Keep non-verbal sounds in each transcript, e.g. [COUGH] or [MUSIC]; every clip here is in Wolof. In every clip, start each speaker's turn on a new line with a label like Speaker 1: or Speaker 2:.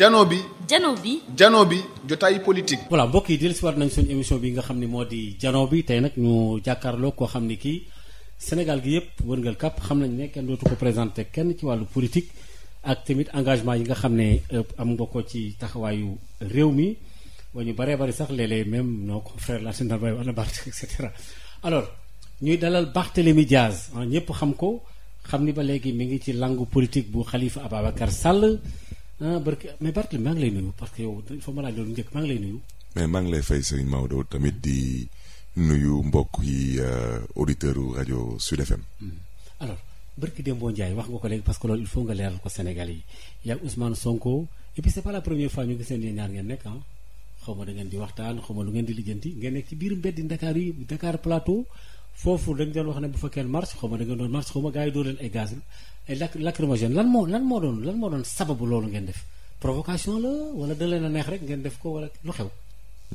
Speaker 1: jano bi jano bi jano bi jotaay politique. voilà mbokk yi dellusiwaat nañ suñu émission bi nga xam ne moo di jano bi tey nag ñu jàkkaarloo koo xam ne kii Sénégal gi yëpp wërngal kàpp xam nañ ne kenn dootu ko présenté kenn ci wàllu politique ak tamit engagement yi nga xam ne euh, am nga ko ci taxawaayu réew mi wa ñu baree bari sax léeg-léeg même nos confrères la Sénégal bay wala Barth et cetera alors ñuy dalal Barthélémy Diaz ah, ñëpp xam ko xam ni ba léegi mi ngi ci langu politique bu Khalifa Ababacar Sall. ah barke mais Barthélémy maa ngi lay nuyu parce que yow il faut ma laaj loolu njëkk maa ngi lay nuyu.
Speaker 2: mais maa ngi lay fay sëñ Maodo tamit di nuyu mbokk yi euh, auditeurs yu rajo Sud FM. Hmm.
Speaker 1: alors barke Dembo Ndiaye wax nga ko léegi parce que loolu il faut nga leeral ko Sénégal yi yaa Ousmane Sonko et puis la première fois ñu ngi ne ñaar ngeen nekk ah xaw ma da ngeen di waxtaan xaw ma lu ngeen di lijjanti ngeen nekk ci biir mbeddi Dakar yi Dakar Plateau foofu dañ doon wax ne bu fekkee marche xaw ma da ngeen doon marche xaw ma gars ay lac lacrymogène lan moo lan moo doon lan moo doon sababu loolu ngeen def provocation la wala da leen a neex rek ngeen def ko wala lu xew.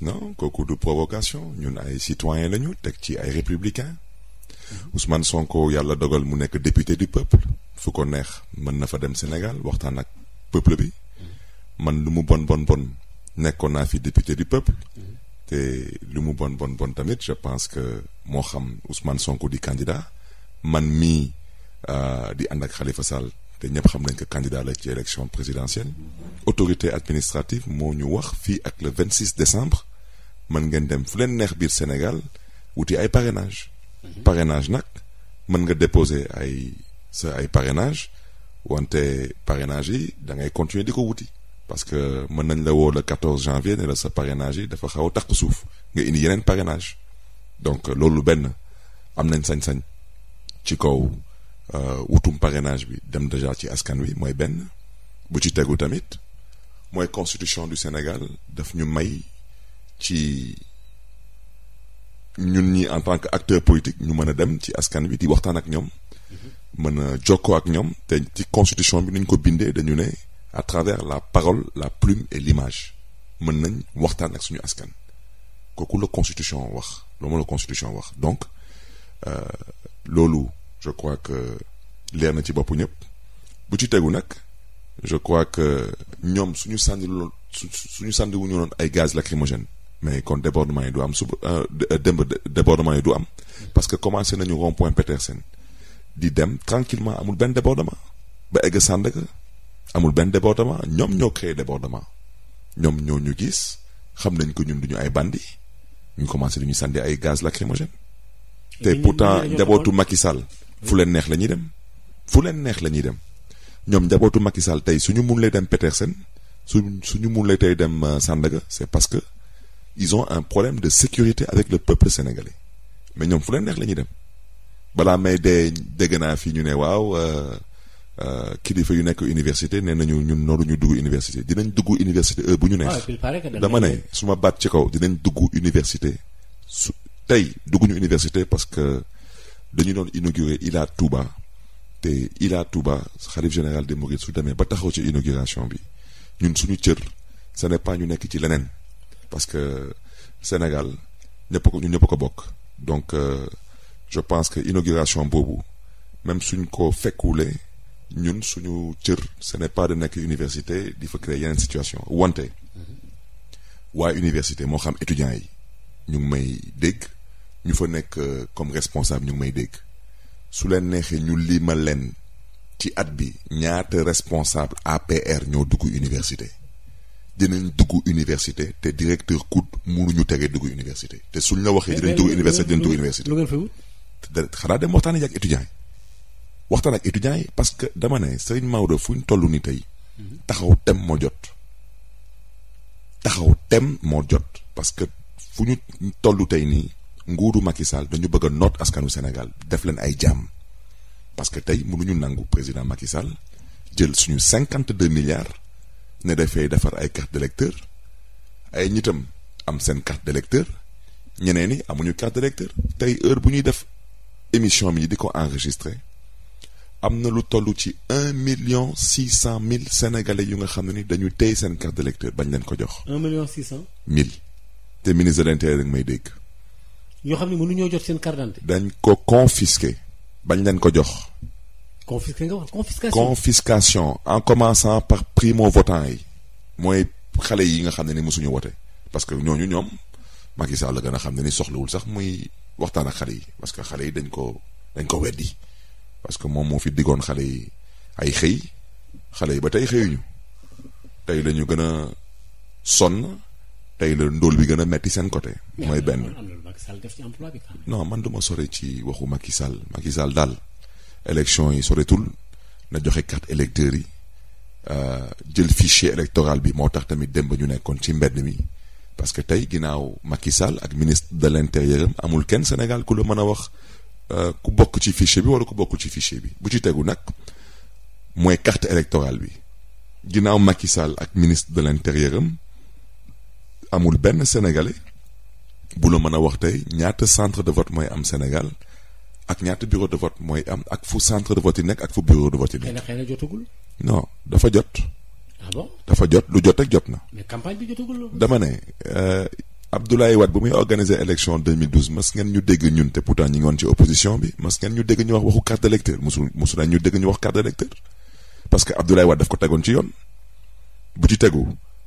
Speaker 2: non kooku du provocation ñun ay citoyen lañu teg ci ay républicain mhm. Ousmane Sonko yàlla dogal mu nekk député du peuple fu ko neex mën na fa dem Sénégal waxtaan ak peuple bi mhm. man lu mu bon bon bon nekkoon naa fi député du peuple mhm. te lu mu bon bon bon tamit je pense que moo xam Ousmane Sonko di candidat man mii. Euh, di ànd ak Khalifa Sall te ñëpp xam nañ ko candidat la ci élection présidentielle autorité administrative moo ñu wax fii ak le 26 décembre mën ngeen dem fu leen neex biir Sénégal wuti ay parrainage mhm. parrainage nag mën nga déposer ay sa ay parrainage wante parrainage yi dangay continue continuer di ko wuti parce que mën nañ la woo le 14 janvier ne la sa parrainage yi dafa xaw a takk suuf nga indi yeneen parrainage donc loolu benn am nañ sañ-sañ ci kaw Euh, wutum parrainage bi dem déjà ci askan wi mooy benn bu ci tegu tamit mooy constitution du Sénégal daf ñu may ci ñun ñi en tant que acteur politique ñu mën a dem ci askan wi di waxtaan ak ñoom mm-hmm. mën a jokkoo ak ñoom te ci constitution bi nuñ ko bindee dañu ne à travers la parole la plume et l'image mën nañ waxtaan ak suñu askan kooku la constitution wax loolu la constitution wax donc euh, loolu je crois que leer na ci bopp ñëpp bu ci tegu nag je crois que ñoom suñu sànni loon su sànni wuñu loon ay gaz lacrymogène mais kon débordement yi du am su euh, euh, démb débordement yi du am parce que commencé nañu rond point Petersen di dem tranquillement amul benn débordement ba egg Sandaga amul benn débordement ñoom ñoo créé débordement ñoom ñoo ñu gis xam nañ ko ñun duñu ay bandi ñu commencé duñu sànni ay gaz lacrymogène te pourtant njabootu Macky Sall fu leen neex la ñuy dem fu leen neex la ñuy dem ñoom njabootu Macky Sall tey suñu mun lay dem Petersen suñ suñu mun lay tey dem euh, Sandaga c'est parce que ils ont un problème de sécurité avec le peuple sénégalais mais ñoom fu leen neex la ñuy dem balaa may dee dégg naa fii ñu ne waaw euh, euh, kilifa yu nekk université nee nañu ñun nooru ñu dugg université dinañ dugg université bu ñu neex ah, dama ne su ma baat ci kaw dinañ dugg université su tey dugguñu université parce que dañu doon inauguré Ila Touba te Ila Touba xalif général des Mourides su demee ba taxaw ci inauguration bi ñun suñu cër ce n'est pas ñu nekk ci leneen parce que Sénégal ñëpp ko ñu ñëpp ko bokk donc euh, je pense que inauguration boobu même suñ ko fekkulee ñun suñu cër ce n'est pas de nekk université di fa créer yeneen situation wante waaye université moo xam étudiants yi ñu may dégg ñu fa nekk euh, comme responsable ñu may dégg su leen neexee ñu limal leen ci at bi ñaata responsable APR ñoo dugg université dinañ dugg université te directeur COUD ñu tegee dugg université te suñ la waxee dinañ dugg université dinañ dugg université lu xanaa dem waxtaan ak étudiants yi waxtaan ak étudiants yi parce que dama ne Maodo fu ñu tollu ni tey mhm. taxaw dem moo jot taxaw dem moo jot parce que fu ñu tollu tey nii nguuru Macky Sall dañu bëgg a noot askanu Sénégal def leen ay jàmm parce que tey mënuñu nangu président Macky Sall jël suñu cinquante deux milliards ne dafay defar ay carte d'électeur ay ñitam am seen carte d'électeur ñeneen ñi amuñu carte d'électeur tey heure bu ñuy def émission bi di ko enregistré am na lu toll ci un million six cent mille sénégalais yu nga xam ne ni dañu téye seen carte d'électeur bañ leen ko jox.
Speaker 1: un million six cent
Speaker 2: mille. te ministre de l'intérieur rek may dégg.
Speaker 1: ñoo xam ne ñoo jot seen carte d'identité
Speaker 2: dañ ko confisqué bañ leen ko jox.
Speaker 1: confisqué nga wax confiscation
Speaker 2: confiscation en commençant par primo votant yi mooy xale yi nga xam ne ni mosuñu wote parce que ñooñu ñoom Macky sax la gën a xam ne ni soxlawul sax muy waxtaan ak xale yi parce que xale yi dañ ko dañ ko weddi parce que moom moo fi diggoon xale yi ay xëy xale yi ba tey xëyuñu tey la ñu gën a sonn. tey la ndóol bi gën a metti seen côté. mooy benn non man duma sore ci waxu Macky Sall Macky Sall daal élection yi soretul na joxe carte électeurs yi euh, jël fichier électoral bi moo tax tamit dem ba ñu nekkoon ci mbedd mi parce que tey ginnaaw Macky Sall ak ministre de l'intérieur amul kenn Sénégal ku la mën a wax euh, ku bokk ci fichier bi wala ku bokk ci fichier bi bu ci tegu nag mooy carte électorale bi ginnaaw Macky Sall ak ministre de l'intérieur am amul benn sénégalais bu la mën a wax tey ñaata centre de vote mooy am Sénégal ak ñaata bureau de vote mooy am ak fu centre de vote yi nekk ak fu bureau de vote yi nekk. xëy dafa jot. ah dafa jot lu jot ak jot na. mais campagne bi jotagul dama ne euh, Abdoulaye Wade bu muy organiser élection 2012 mas ngeen ñu dégg ñun te pourtant ñi ngi woon ci opposition bi mas ngeen ñu dégg ñu wax waxu carte d'électeur mosul mosul ñu dégg ñu wax carte d'électeur parce que Abdoulaye Wade daf ko tegoon ci yoon bu ci tegu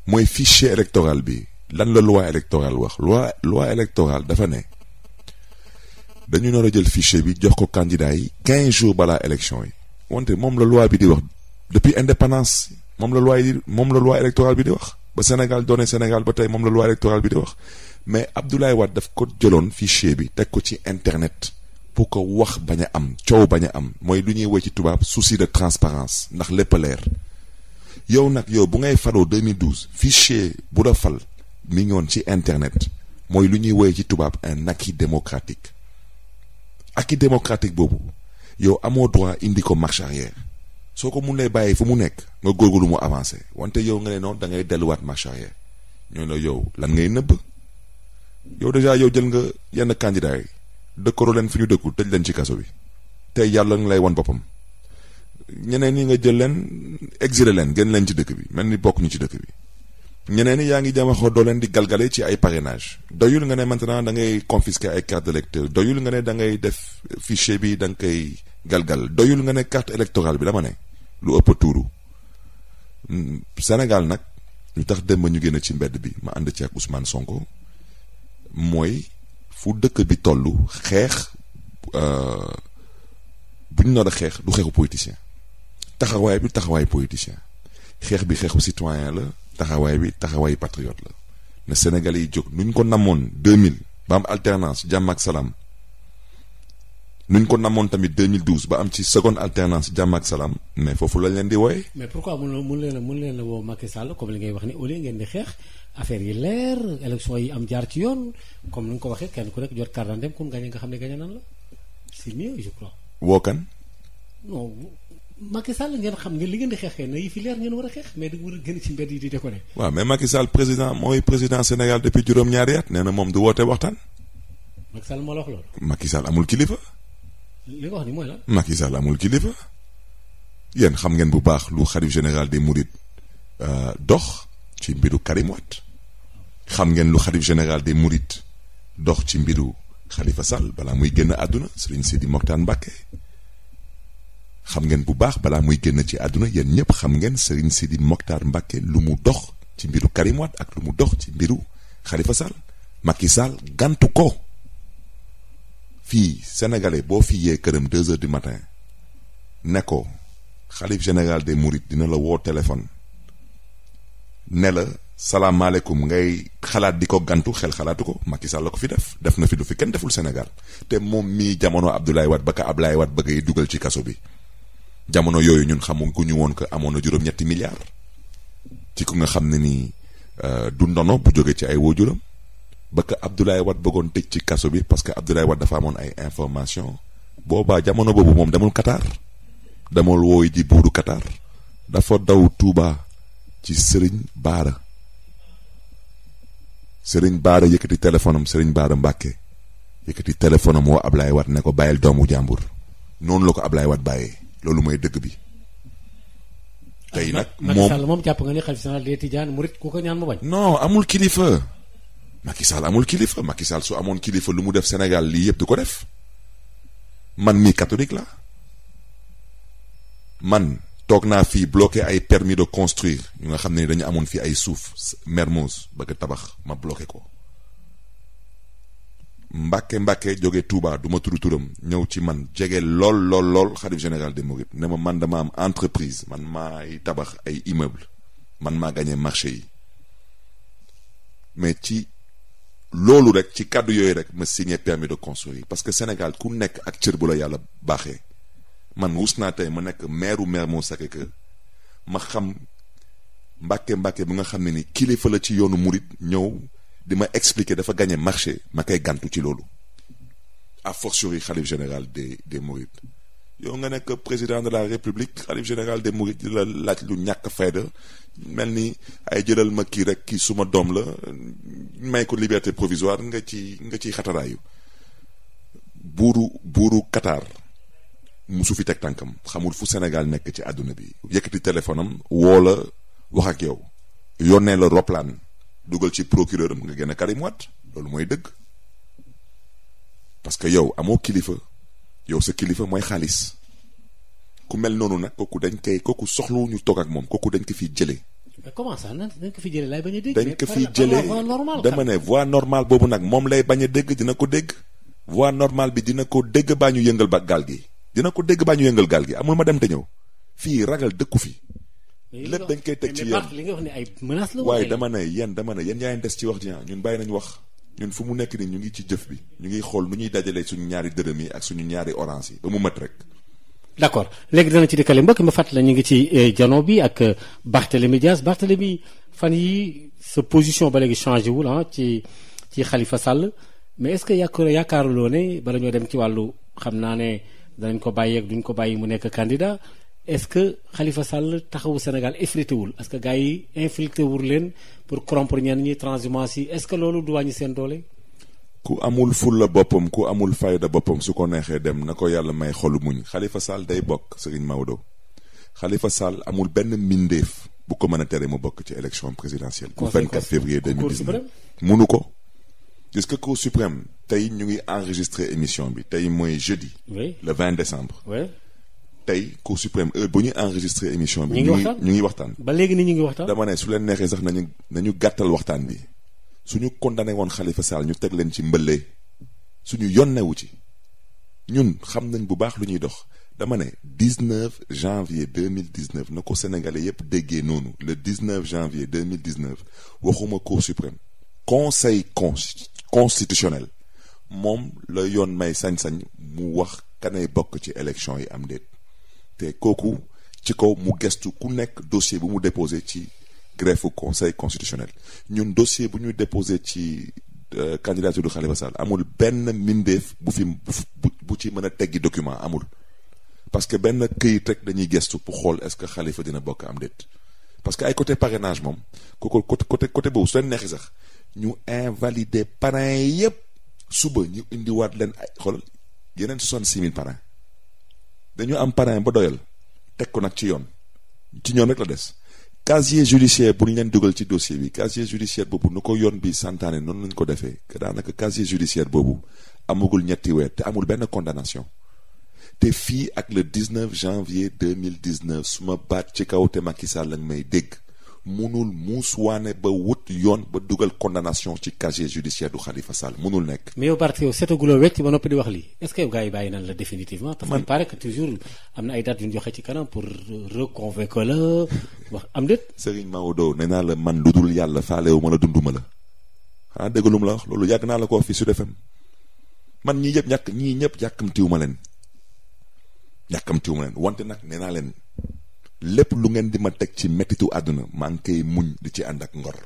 Speaker 2: mooy fichier électoral bi. lan la loi électorale wax loi loi électorale dafa ne dañu nar jël fichier bi jox ko candidat yi quinze jours balaa élection yi wante moom la loi bi di wax depuis indépendance moom la loi yi moom la loi électorale bi di wax ba Sénégal doone Sénégal ba tey moom la loi électorale bi di wax mais Abdoulaye Wade daf ko jëloon fichier bi teg ko ci internet pour ko wax bañ a am coow bañ am mooy lu ñuy woy ci tubaab souci de transparence ndax lépp leer yow nag yow bu ngay faloo 2012 fichier bu la fal mi ngi woon ci internet mooy lu ñuy woyee ci tubaab un acquis démocratique acquis démocratique boobu yow amoo droit indi ko marche arrière soo ko mun lay bàyyi fu mu nekk nga lu mu avancé wante yow nga ne noonu da ngay delluwaat marche arrière ñoo la yow lan ngay nëbb yow déjà yow jël nga yenn candidat yi leen fi ñu dëkku tëj leen ci kaso bi tey yàlla nga lay wan boppam ñeneen ñi nga jël leen exilé leen génn leen ci dëkk bi mel ni bokk ñu ci dëkk bi ñeneen yaa ngi jama xoo doo leen di galgale ci ay parrainage doyul nga ne maintenant da ngay confisquer ay carte d'électeur doyul nga ne dangay def fichier bi da koy galgal doyul nga ne carte électorale bi dama ne lu ëpp tuuru hmm, Sénégal nag lu tax dem ba ñu génn ci mbedd bi ma ànd ci ak Ousmane Sonko mooy fu dëkk bi toll xeex euh, bu ñu nar a xeex du xeexu politicien taxawaay bi taxawaay politicien xeex bi xeexu citoyen la taxawaay bi taxawaayu patriote la ne Sénégalais yi jóg nuñ ko namoon 2000 ba am alternance jàmm ak salaam nuñ ko namoon tamit 2012 ba am ci seconde alternance jàmm ak salaam mais foofu la leen di wooye.
Speaker 1: mais pourquoi mun mun leen a mun leen a woo Macky Sall comme li ngay wax ni au lieu ngeen di xeex affaire yi leer élection yi am jaar ci yoon comme ni nga ko waxee kenn ku nekk jot carte dem kun gañe nga xam ne gañe nan la c'est mieux je crois. Macky Sall ngeen xam ne li ngeen di xeexee na yi fi leer ngeen war a xeex mais da war a gën ci mbedd yi di déconné.
Speaker 2: waaw mais Macky président mooy président Sénégal depuis juróom-ñaari at nee moom du woote waxtaan. Macky Sall moo la wax Sall amul kilifa.
Speaker 1: li nga wax ni mooy lan.
Speaker 2: Macky Sall amul kilifa. yéen xam ngeen bu baax lu xalif général des Mourides euh, dox ci mbiru Karim Wade xam ngeen lu xalif général des Mourides dox ci mbiru Khalifa Sall balaa muy génn àdduna si di Mokhtar Mbacké xam ngeen bu baax balaa muy génn ci àdduna yéen ñëpp xam ngeen si di Mokhtar Mbacké lu mu dox ci mbiru Karim ak lu mu dox ci mbiru Khalifa Sall Macky Sall gantu ko fii sénégalais boo fi yee këram deux heures matin ne ko xalif général des Mourides dina la woo téléphone ne la salaamaaleykum ngay xalaat di ko gantu xel xalaatu ko Macky Sall la ko fi def def na fi lu fi kenn deful senegal te moom mii jamono Abdoulaye Wade ba ka Abdoulaye wat bëgg yi dugal ci kaso bi jamono yooyu ñun xamuñ ko ñu woon que amoon na juróom-ñetti milliards ci ku nga xam ne nii euh, du ndono bu jóge ci ay waajuram ba ka Abdoulaye Wade bëggoon tëj ci kaso bi parce que Abdoulaye Wade dafa amoon ay information boobaa jamono boobu moom demul Qatar demul wooy ji buuru Qatar dafa daw Touba ci Serigne Baara Serigne Baara yëkkati téléphone am Serigne Baara Mbàkke yëkkati téléphone am woo Abdoulaye Wade ne ko bàyyil doomu jàmbur noonu la ko ab Abdoulaye Wade bàyyee. loolu mooy dëgg bi. tey nag
Speaker 1: moom Macky Sall moom jàpp nga ni xalifa général des mu Murit ku ko ñaan mu bañ.
Speaker 2: non amul kilifa Macky Sall amul kilifa Macky Sall su amoon kilifa lu mu def Sénégal lii yëpp du ko def man mii katolik la man toog naa fii bloqué ay permis de construire ñu nga xam ne dañu amoon fii ay suuf Mermoz bëgg tabax ma bloqué ko mbàkke mbàkke jóge tuubaa du turam ñëw ci man jege lool lool lool xalif général des mourides ne ma man dama am entreprise man maay tabax ay immeuble man maa gagné marché yi mais ci loolu rek ci kàddu yooyu rek ma signé permis de construire parce que Sénégal ku nekk ak cër bu la yàlla baaxee man rus naa tey ma nekk maire Mermoz moo cœur ma xam mbàkke mbàkke bi nga xam ne ni kilifa la ci yoonu murit ñëw di ma expliquer dafa gagné marché ma koy gantu ci loolu a fortiori xalif général des des Mourides yow nga nekk président de la république xalif général de Mourides di laaj lu ñàkk fayda mel ni ay jëlal ma kii rek kii suma doom la may ko liberté provisoire nga ci nga ciy xataraayu buuru buuru Qatar musu fi teg tànkam xamul fu Sénégal nekk ci àdduna bi yëkkati téléphone am woo la wax ak yow yónnee la roplaan dugal ci procureur am nga génn Karim Wade loolu mooy dëgg parce que yow amoo kilifa yow sa kilifa mooy xaalis ku mel noonu nag kooku dañ koy kooku soxlu ñu toog ak moom kooku dañ ko fiy jëlee.
Speaker 1: mais comment ça dañ ko fiy jëlee dañ ko fiy jëlee dama
Speaker 2: ne voie normale boobu nag moom lay bañ a dégg dina ko dégg. voie normal bi dina ko dégg baa ñu yëngal ba gaal gi dina ko dégg baa ñu yëngal gaal gi amul ma dem te ñëw fii ragal dëkku fi.
Speaker 1: lépp dañ koy teg ci li nga wax ne ay menace la
Speaker 2: yéen dama ne yéen yaa ngi des ci wax ji ñun bàyyi nañ wax ñun fu mu ngi ci jëf bi ñu ngi xool nu ñuy dajalee suñu ñaari dërëm yi ak suñu ñaari orange mu mat rek
Speaker 1: accord léegi dana ci dikkale mbokk ma fàttale ñu ngi ci euh, jano bi ak euh, Barthélémy Dias Barthélémy fan yi sa position ba léegi changé wul ah ci ci Khalifa Sall mais est ce que yaakaar yaakaaruloo ne bala ñoo dem ci wàllu xam naa ne danañ ko bàyyeeg duñ ko bàyyi mu nekk candidat est-ce que xalifa Sall taxawu Sénégal effrité wul est que gars yi infiltré wul leen pour corrompre ñenn ñi transhumance yi est-ce que loolu du wàññi seen doole.
Speaker 2: ku amul fulla boppam ku amul fayda boppam su ko neexee dem na ko yàlla may xolu muñ xalifa Sall day bokk Serigne Maodo Khalifa Sall amul benn mbindeef bu ko mën a tere mu bokk ci élection présidentielle. ku 24 février 2019 munu ko. gis nga Cour tey ñu ngi enregistré émission bi tey mooy jeudi. oui le tey cour suprême heure bu ñu enregistré émission bi. ñu ngi waxtaan ñu ngi waxtaan. ba
Speaker 1: léegi ni ñu ngi waxtaan.
Speaker 2: dama ne su leen neexee sax nañu nañu gàttal waxtaan bi suñu condamné woon xalifa Sall ñu teg leen ci mbëlle suñu newu ci ñun xam nañ bu baax lu ñuy dox dama ne 19 janvier 2019 na ko sénégalais yépp déggee noonu le 19 janvier 2019 waxuma cour suprême conseil con constitutionnel moom la yoon may sañ-sañ mu wax kanay bokk ci élection yi am déet te kooku ci kaw mu gestu ku nekk dossier bu mu déposé ci greffe conseil constitutionnel ñun dossier bu ñu déposé ci euh, candidature du Khalifa Sall amul benn mbindeef bu fi bu ci mën a teggi document amul parce que benn këyit rek dañuy gestu pour xool est-ce que Khalifa dina bokk am déet parce que ay côté parrainage moom kooku côté côté boobu su leen neexi sax ñu invalider parrain yépp suba ñu indiwaat leen ay xool yeneen soixante-six mille parrain dañu am parrain ba doyal teg ko nag ci yoon ci ñoom rek la des casier judiciaire bu ñu leen dugal ci dossier bi casier judiciaire boobu nu ko yoon bi santaane noonu lañ ko defee que daanaka casier judiciaire boobu amagul ñetti weer te amul benn condamnation te fii ak le 19 janvier 2019 su ma baat ci kaw te Macky Sall lañ may dégg munul muusuwaane ba wut yoon ba dugal condamnation ci casier judiciaire du Khalifa Sall munul nekk.
Speaker 1: mais yow Barth yow seetaguloo wecc ba noppi di wax lii est-ce que yow gars yi bàyyi nañ la définitivement. parce que il que toujours am na ay dates yu ñu joxe ci kanam pour reconvaincre la
Speaker 2: wax am déet. Serigne Maodo nee naa la man lu dul yàlla faalewu ma la dunduma la xanaa dégg lu la wax loolu yàgg naa la ko fii su FM man ñii yëpp ñàkk ñii ñëpp yàkkamtiwu ma leen yàkkamtiwu ma wante nag nee naa leen. lépp lu ngeen di ma teg ci mettitu àdduna maa ngi koy muñ di ci ànd ak ngor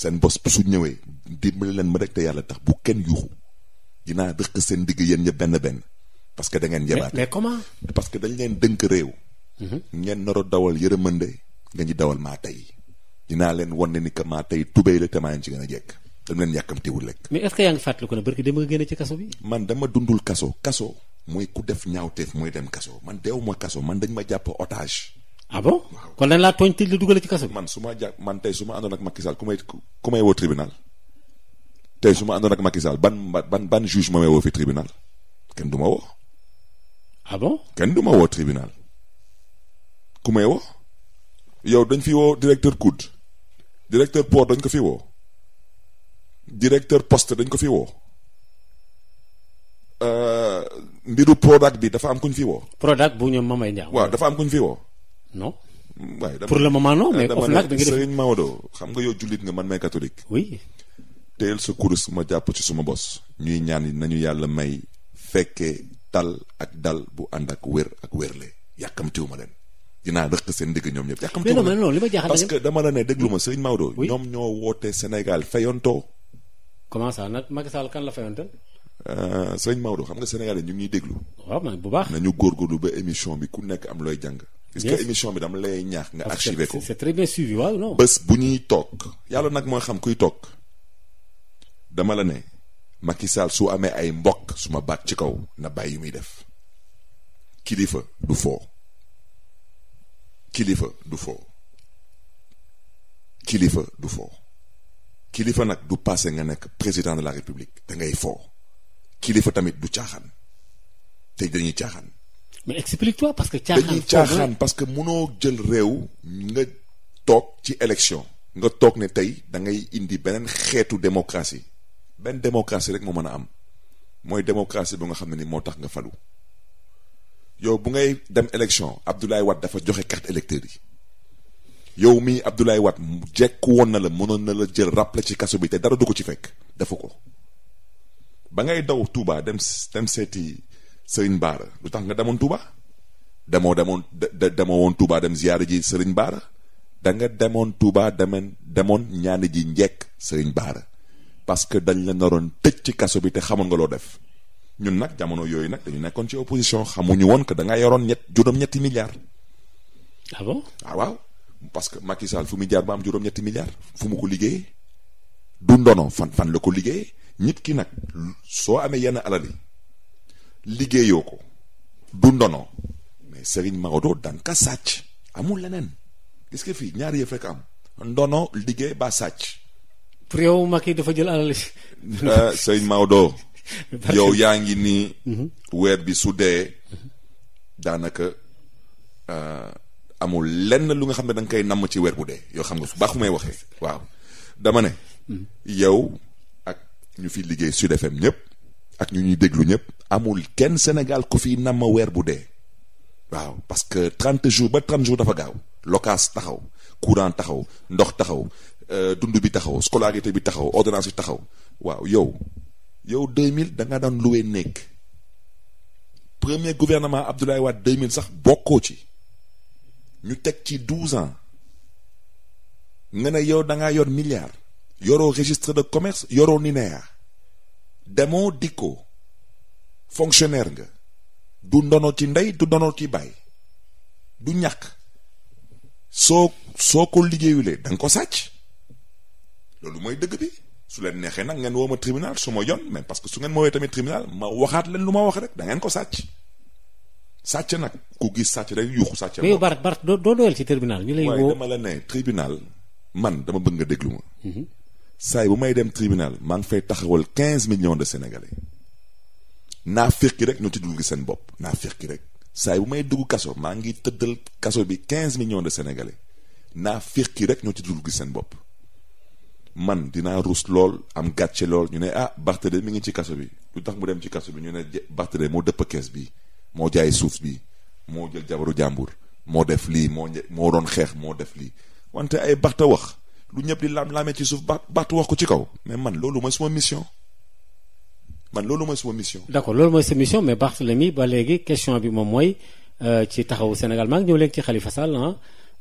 Speaker 2: seen bos su ñëwee dimbali leen ma rek te yàlla tax bu kenn yuuxu dinaa dëkk seen digg yéen ña benn benn parce que da ngeen yebaate comment parce que dañ leen dënk réew mm-hmm. ngeen noro dawal mën yërëmande nga ñi dawal maa tey dinaa leen wane ni que maa tey tubéy la te maa ci gën a jekk dama leen yàkkamtiwul rek
Speaker 1: mais est-ce que yaa ngi ne barki dama génne ci kaso man dama dundul
Speaker 2: kaso kaso mooy ku def ñaaw ñaawteef mooy dem kaso man deew ma kaso man dañ ma jàpp otage. ah bon kon dañ laa tooñ tëj la dugale ci kaso bi. man su ma jàpp man tey su ma àndoon ak Macky Sall ku may ku may woo tribunal tey su ma àndoon ak Macky ban ban ban juge ma may woo fi tribunal kenn du ma woo. ah kenn du ma woo tribunal ku may woo. yow dañ fi woo directeur COUD directeur port dañ ko fi woo directeur poste dañ ko fi woo. Euh, mbiru Prodac bi dafa am kuñ ñu fi woo. Prodac bu ñoom ma may Niang. waaw dafa am ku ñu non. waaye pour le moment non mais OFNAC da nga def Serigne Maodo xam nga yow jullit nga man may catholique. oui. su sa kurus jàpp ci suma bos. ñuy ñaan nañu yàlla may fekkee dal ak dal bu ànd ak wér ak wérle yàkkamtiwuma leen. dinaa rëq seen digg ñoom ñëpp yàkkamtiwuma leen
Speaker 1: mais non non li ma jaaxal parce que
Speaker 2: dama la ne déglu ma Serigne Maodo. ñoom ñoo woote Sénégal fayonto.
Speaker 1: comment ça nag Macky Sall la fayontal
Speaker 2: Euh, sëñ Maodo xam nga Sénégalais ñu ngi ñuy déglu. waaw bu baax nañu góorgóorlu ba émission bi ku nekk am looy jàng. puisque émission bi dama lay ñaax nga archivé ko c'est très bien suivi waaw non. bés bu ñuy toog yàlla nag mooy xam kuy toog dama la ne Macky Sall su amee ay mbokk suma baat ci kaw na bàyyi muy def kilifa du foo kilifa du foo kilifa du foo kilifa nag du passé nga nekk président de la république dangay ngay foo. kilifa tamit du caaxaan te dañuy caaxaan.
Speaker 1: mais explique parce que. caaxaan dañuy caaxaan
Speaker 2: parce que munoo jël réew nga toog ci élection. nga toog ne tey da ngay indi beneen xeetu démocratie benn démocratie rek moo mën a am mooy démocratie bu nga xam ne ni moo tax nga falu yow bu ngay dem élection Abdoulaye wat dafa joxe carte électeur yi yow mii Abdoulaye Wade jekk woon na la mënoon na la jël rappelé ci kaso bi te dara du ko ci fekk defu ko. ba ngay daw Touba dem dem seeti Serigne Baara lu tax nga demoon Touba demoo demoon demoo woon Touba dem ziyaara ji Serigne Baara da nga demoon Touba demen demoon ñaani ji njekk sëriñ Baara parce que dañ la naroon tëj ci kaso bi te xamoon nga loo def ñun nag jamono yooyu nag dañu nekkoon ci opposition xamuñu woon que da nga yoroon ñett juróom-ñetti milliards. ah bon ah waaw parce que Macky fu muy jaar ba am juróom-ñetti milliards fu mu ko liggéeyee du ndono fan fan la ko liggéeyee. nit ki nag soo amee yenn alal yi liggéeyoo ko du ndono mais Serigne Maodo da nga ko sàcc amul leneen gis nga fii ñaari yëf rek am ndono liggéey ba sàcc.
Speaker 1: pour mag yi dafa jël alal si. Euh,
Speaker 2: Serigne Maodo
Speaker 1: [LAUGHS] yow yaa ngi nii. Mhm.
Speaker 2: weer bi su dee daanaka euh, amul lenn lu nga xam ne da nga koy namm ci weer bu dee yoo xam nga su baax fu may waxee waaw dama ne. Mhm. yow. ñu fi liggéey Sud FM ñëpp ak ñu ñuy déglu ñëpp amul kenn Sénégal ku fi namm weer bu dee waaw parce que trente jours ba trente jours dafa gaaw locaas taxaw courant taxaw ndox taxaw euh, dund bi taxaw scolarité bi taxaw ordonnance bi taxaw waaw yow yow 2000 da nga daan loué néeg premier gouvernement Abdoulaye Wade 2000 sax bokkoo ci ñu teg ci 12 ans nga ne yow da ngaa yor milliard yoroo registre de commerce yoroo NINEA demoo dikkoo fonctionnaire nga du ndono ci ndey du ndono ci baay du ñàkk soo soo ko liggéeyulee da nga ko sàcc loolu mooy dëgg bi su leen neexee nag ngeen woo ma tribunal su ma yoon mais parce que su ngeen ma woowee tamit tribunal ma waxaat leen lu ma wax rek da ko sàcc sàcc nag ku gis sàcc rek yuuxu sàcc. mais yow Bart Bart doo doo doyal ci tribunal. ñu waaye dama la ne tribunal man dama bëgg nga déglu ma. Mhm. saay bu may dem tribunal maa ngi fay taxawal quinze millions de sénégalais naa fekki rek ñu tuddul gi seen bopp naa ki rek saay bu may dugg kaso maa ngi tëddal kaso bi quinze millions de sénégalais naa fekki rek ñu tuddul gi seen bopp man dinaa rus lool am gàcce lool ñu ne ah Barthélémy mi ngi ci kaso bi lu tax mu dem ci kaso bi ñu ne Barthélémy moo dëpp kees bi moo jaay suuf bi moo jël jabaru jàmbur moo def lii moo moo doon xeex moo def lii wante ay baxta wax lu ñëpp
Speaker 1: di lam lamee ci suuf ba baatu wax ko ci kaw mais man loolu mooy suma mission man loolu mooy suma mission. d'accord loolu mooy sa mission mais Barthélemy ba léegi question bi moom mooy euh, ci taxawu Sénégal maa ngi ñëw léegi ci Khalifa Sall ah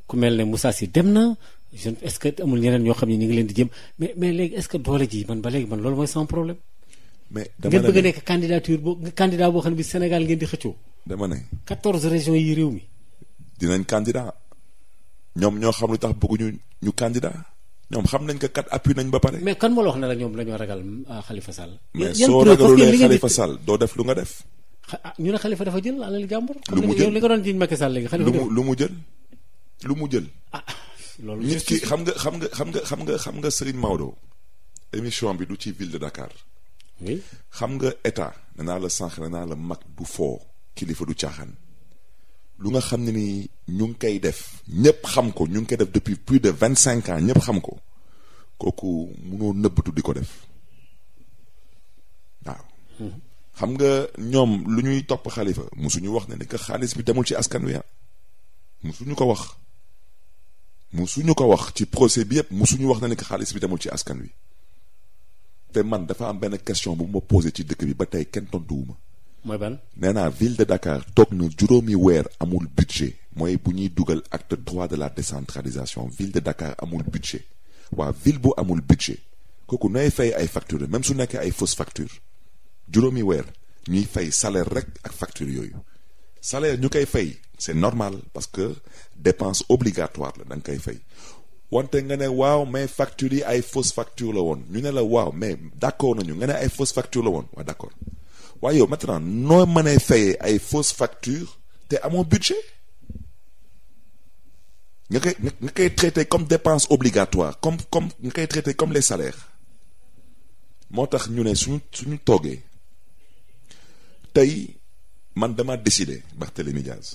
Speaker 1: ku mel ne Moussa Sy dem na je est-ce que amul ñeneen ñoo xam ne ñu ngi leen di jëm mais mais léegi est-ce que doole ji man ba léegi man loolu mooy sans problème. mais dama ne ngeen bëgg nekk candidature boo candidat boo xam ne bi Sénégal ngeen di xëccoo. mi.
Speaker 2: dinañ candidat ñoom ñoo xam lu tax bëgguñu ñu candidat.
Speaker 1: ñoom xam nañ ko kat appui nañ ba pare. mais kan moo la wax ne la ñoom dañoo ragal euh, Khalifa Sall. mais soo ragalulee Khalifa
Speaker 2: Sall doo def lu nga def.
Speaker 1: Ah, ñu ne Khalifa dafa jël alal jàmbur. lu mu jël li nga doon jiñ Macky Sall
Speaker 2: léegi. Khalifa lu mu jël lu mu jël. ah [LAUGHS] loolu nit ki xam nga xam nga xam nga xam nga xam nga Serigne Maodo. émission bi du ci ville de Dakar. oui xam nga état nee naa la sànq nee naa la mag du foo kilifa du caaxaan. lu nga xam ne ni ñu ngi koy def ñëpp xam ko ñu ngi koy def depuis plus de vingt cinq ans ñëpp xam ko kooku mënoo nëbbatu di ko def waaw. xam nga ñoom lu ñuy topp xalifa musuñu wax ne ni que xaalis bi demul ci askan wi ah. musuñu ko wax musuñu ko wax ci procès bi yëpp musuñu wax ne ni que xaalis bi demul ci askan wi te man dafa am benn question bu ma posé ci dëkk bi ba tey kenn tontuwuma mooy ban nee naa ville de dacar toog na juróomi weer amul budget mooy bu ñuy dugal acte trois de la décentralisation ville de Dakar amul budget waa ville bu amul budget kooku nooy fay ay facture même su nekkee ay fausse facture juróomi weer ñuy fay salaire rek ak facture yooyu salaire ñu koy fay c'est normal parce que dépense obligatoire la da nga koy fay wante nga ne waaw mais facture yi ay fausse facture la woon ñu ne la waaw mais d'accord nañu nga ne ay fausse la woon waaw d'accord waaye yow maintenant noo mënee fayee ay fausses factures te amoo budget nga koy nga koy traité comme dépense obligatoire comme comme nga koy traité comme les salaires moo tax ñu ne suñu suñu toogee tey man dama décidé Barthélémy Diaz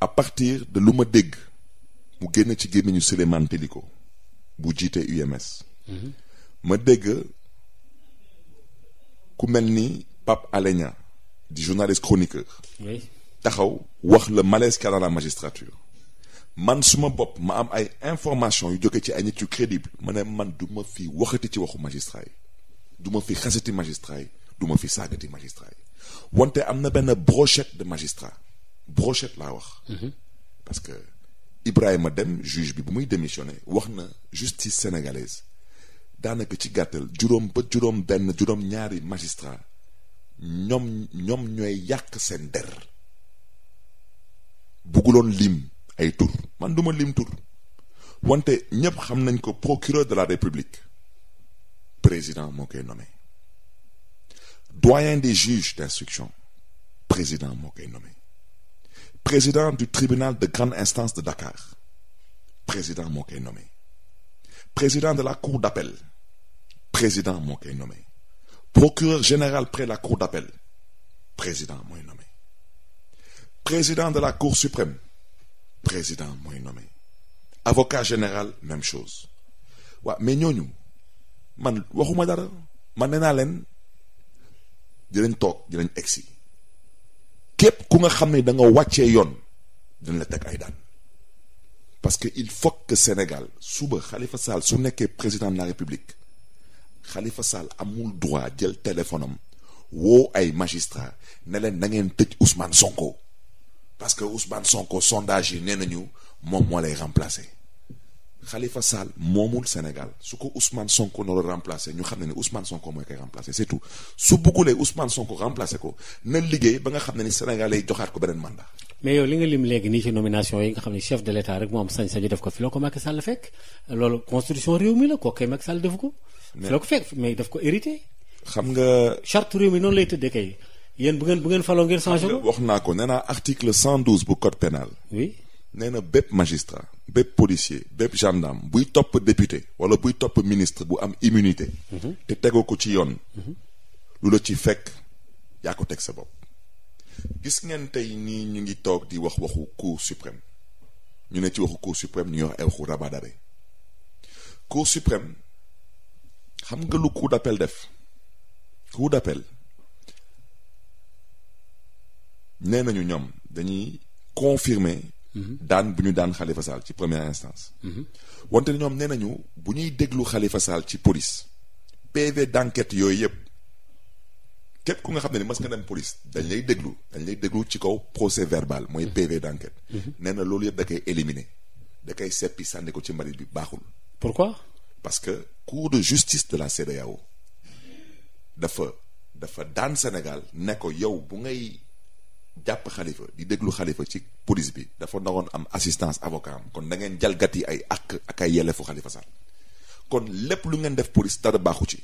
Speaker 2: à partir de lu ma dégg mu génn ci gémmiñu Souleymane Teliko bu jiite UMS mhm. ma dégg ku mel ni Pape Alé Niang di journaliste chroniqueur. taxaw wax la malaise qu'il y a la magistrature. man suma bopp ma am ay information yu jóge ci ay nit yu crédible ma ne man du ma fi waxati ci waxu magistrat yi du ma fi xasati magistrat yi du ma fi saagati magistrat yi wante am na benn brochette de magistrat brochette laa wax mhm. parce que Ibrahima dem juge bi bu muy démissionné wax na justice sénégalaise daanaka ci gàttal juróom ba juróom benn juróom ñaari magistrat ñoom ñooy yàq seen der bugguloon lim ay tur man duma lim tur wante ñépp xam nañ ko procureur de la république président moo koy nommé doyen des juges d'instruction président moo koy nommé président du tribunal de grande instance de Dakar président moo koy nommé président de la cour d'appel président moo koy nommé procureur général près la cour d'appel président mooy nommé président de la cour suprême président mooy nommé avocat général même chose waaw mais ñooñu man waxuma dara man nee naa leen dinañ toog dinañ egsi képp ku nga xam ne da nga wàccee yoon dinañ la teg ay daan parce que il faut que Sénégal suba Khalifa Sall su nekkee président de la République Khalifa Sall amul droit jël téléphone am woo ay magistrat ne leen na ngeen tëj Ousmane Sonko parce que Ousmane Sonko sondage yi nee nañu moom moo lay remplacer Khalifa Sall moomul Sénégal su ko Ousmane Sonko noo remplacer ñu xam ne ne Ousmane Sonko mooy koy remplacer c'est tout su buggulee Ousmane Sonko remplacer ko na liggéey ba nga xam ne ni Sénégal lay joxaat ko beneen mandat.
Speaker 1: mais yow li nga lim léegi nii ci nomination yi nga xam ne chef de l'état rek moo am sañ-sañu fi la ko Macky réew mi la kooku kay Macky def ko. mais la ko fekk mais daf ko hérité. xam nga charte réew mi noonu lay tëddee kay. yéen bu ngeen bu ngeen faloo ngeen changé wax naa ko nee cent douze bu
Speaker 2: code pénal nee na bépp magistrat bépp policier bépp gendarme buy topp député wala buy topp ministre bu am immunité. Mhm. te tegoo ko ci yoon. Mhm. lu la ci fekk yaa ko teg sa bopp. gis ngeen tey nii ñu ngi toog di wax waxu cour suprême ñu ne ci waxu cour suprême ñu wax ay waxu rabat d'arrêt cour suprême xam nga lu cour d'appel def cour d'appel nee nañu ñoom dañuy confirmer mhm. daan bu ñu daan Khalifa Sall ci première instance mhm. wante ñoom nee nañu bu ñuy déglu Khalifa Sall ci police PV d'enquête yooyu yëpp képp ku nga xam ne ni mas nga dem police dañ lay déglu dañ lay déglu ci kaw procès verbal mooy mhm. PV d'enquête nee na loolu yëpp da koy éliminer da kay seppi sànni ko ci marit bi baaxul parce que cour de justice de la CEDEAO dafa dafa daan Sénégal nekko ko yow bu ngay jàpp xalifa di déglu xalifa ci police bi dafa naroon am assistance avocat am kon da ngeen jalgati ay àq ak ay yelleefu xalifa Sall kon lépp lu ngeen def police dara baaxu ci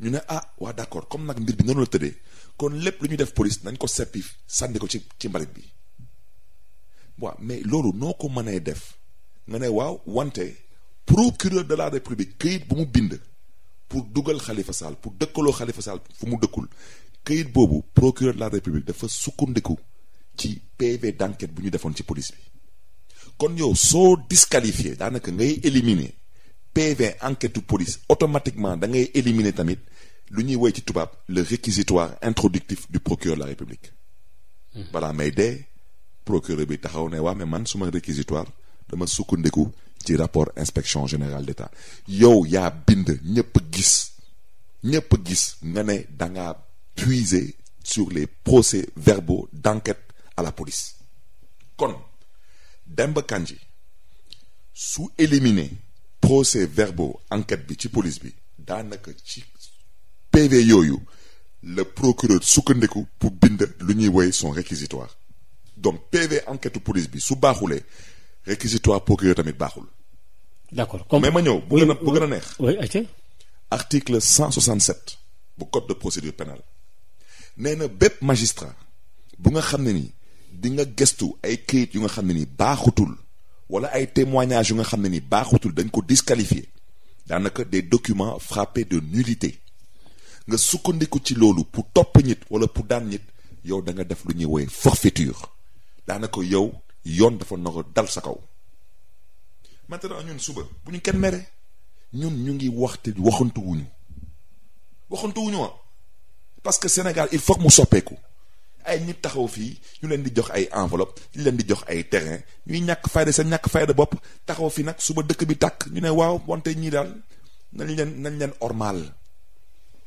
Speaker 2: ñu ne ah waa d'accord comme nag mbir bi noonu la tëddee kon lépp lu ñu def police nañ ko seppi sànni ko ci ci mbalit bi waaw mais loolu noo ko mënee def nga ne waaw wante procureur de la république këyit bu mu bind pour dugal xalifa Sall pour dëkkaloo xalifa Sall fu mu dëkkul këyit boobu procureur de la république dafa sukkandiku ci PV d'enquête bu ñu defoon ci police bi kon yow soo disqualifié daanaka ngay élimine PV enquête police automatiquement da ngay éliminer tamit lu ñuy woy ci tubaab le réquisitoire introductif du procureur de la république hmm. balaa may dee procureur bi taxaw ne waa mais man suma réquisitoire dama sukkandiku ci rapport inspection général d'État yow yaa bind ñëpp gis ñëpp gis nga ne da ngaa sur les procès verbaux d'enquête à la police kon Demba Kandji su éliminer procès verbaux enquête bi ci police bi daanaka ci PV yooyu le procureur sukkandiku pour bind lu ñuy woy son réquisitoire donc PV enquête police bi su baaxulee réquisitoire procureur tamit baaxul
Speaker 1: d' accord comme mais ma
Speaker 2: ñëw bu gën a bu gën a neex. oui ayca. article 167 bu code de procédure pénale nee na bépp magistrat bu nga xam ne ni di nga gëstu ay këyit yu nga xam ne ni baaxutul wala ay témoignages yu nga xam ne ni baaxutul dañ ko disqualifié daanaka de documents frappés de nullité nga sukkandiku ci loolu pour topp nit wala pour daan nit yow danga def lu ñuy woowee forfaiture daanaka yow yoon dafa nar a dal sa kaw. maintenant ñun suba bu ñu kenn mere ñun ñu ngi waxte waxantu wuñu waxantu wuñu wa ah. parce que Sénégal il faut mu soppeeku ay nit taxaw fii ñu leen di jox ay enveloppe ñu leen di jox ay terrain ñuy ñàkk fayda sa ñàkk fayda bopp taxaw fii nag suba dëkk bi tàkk ñu ne waaw wante ñii daal nañ leen nañ leen ormal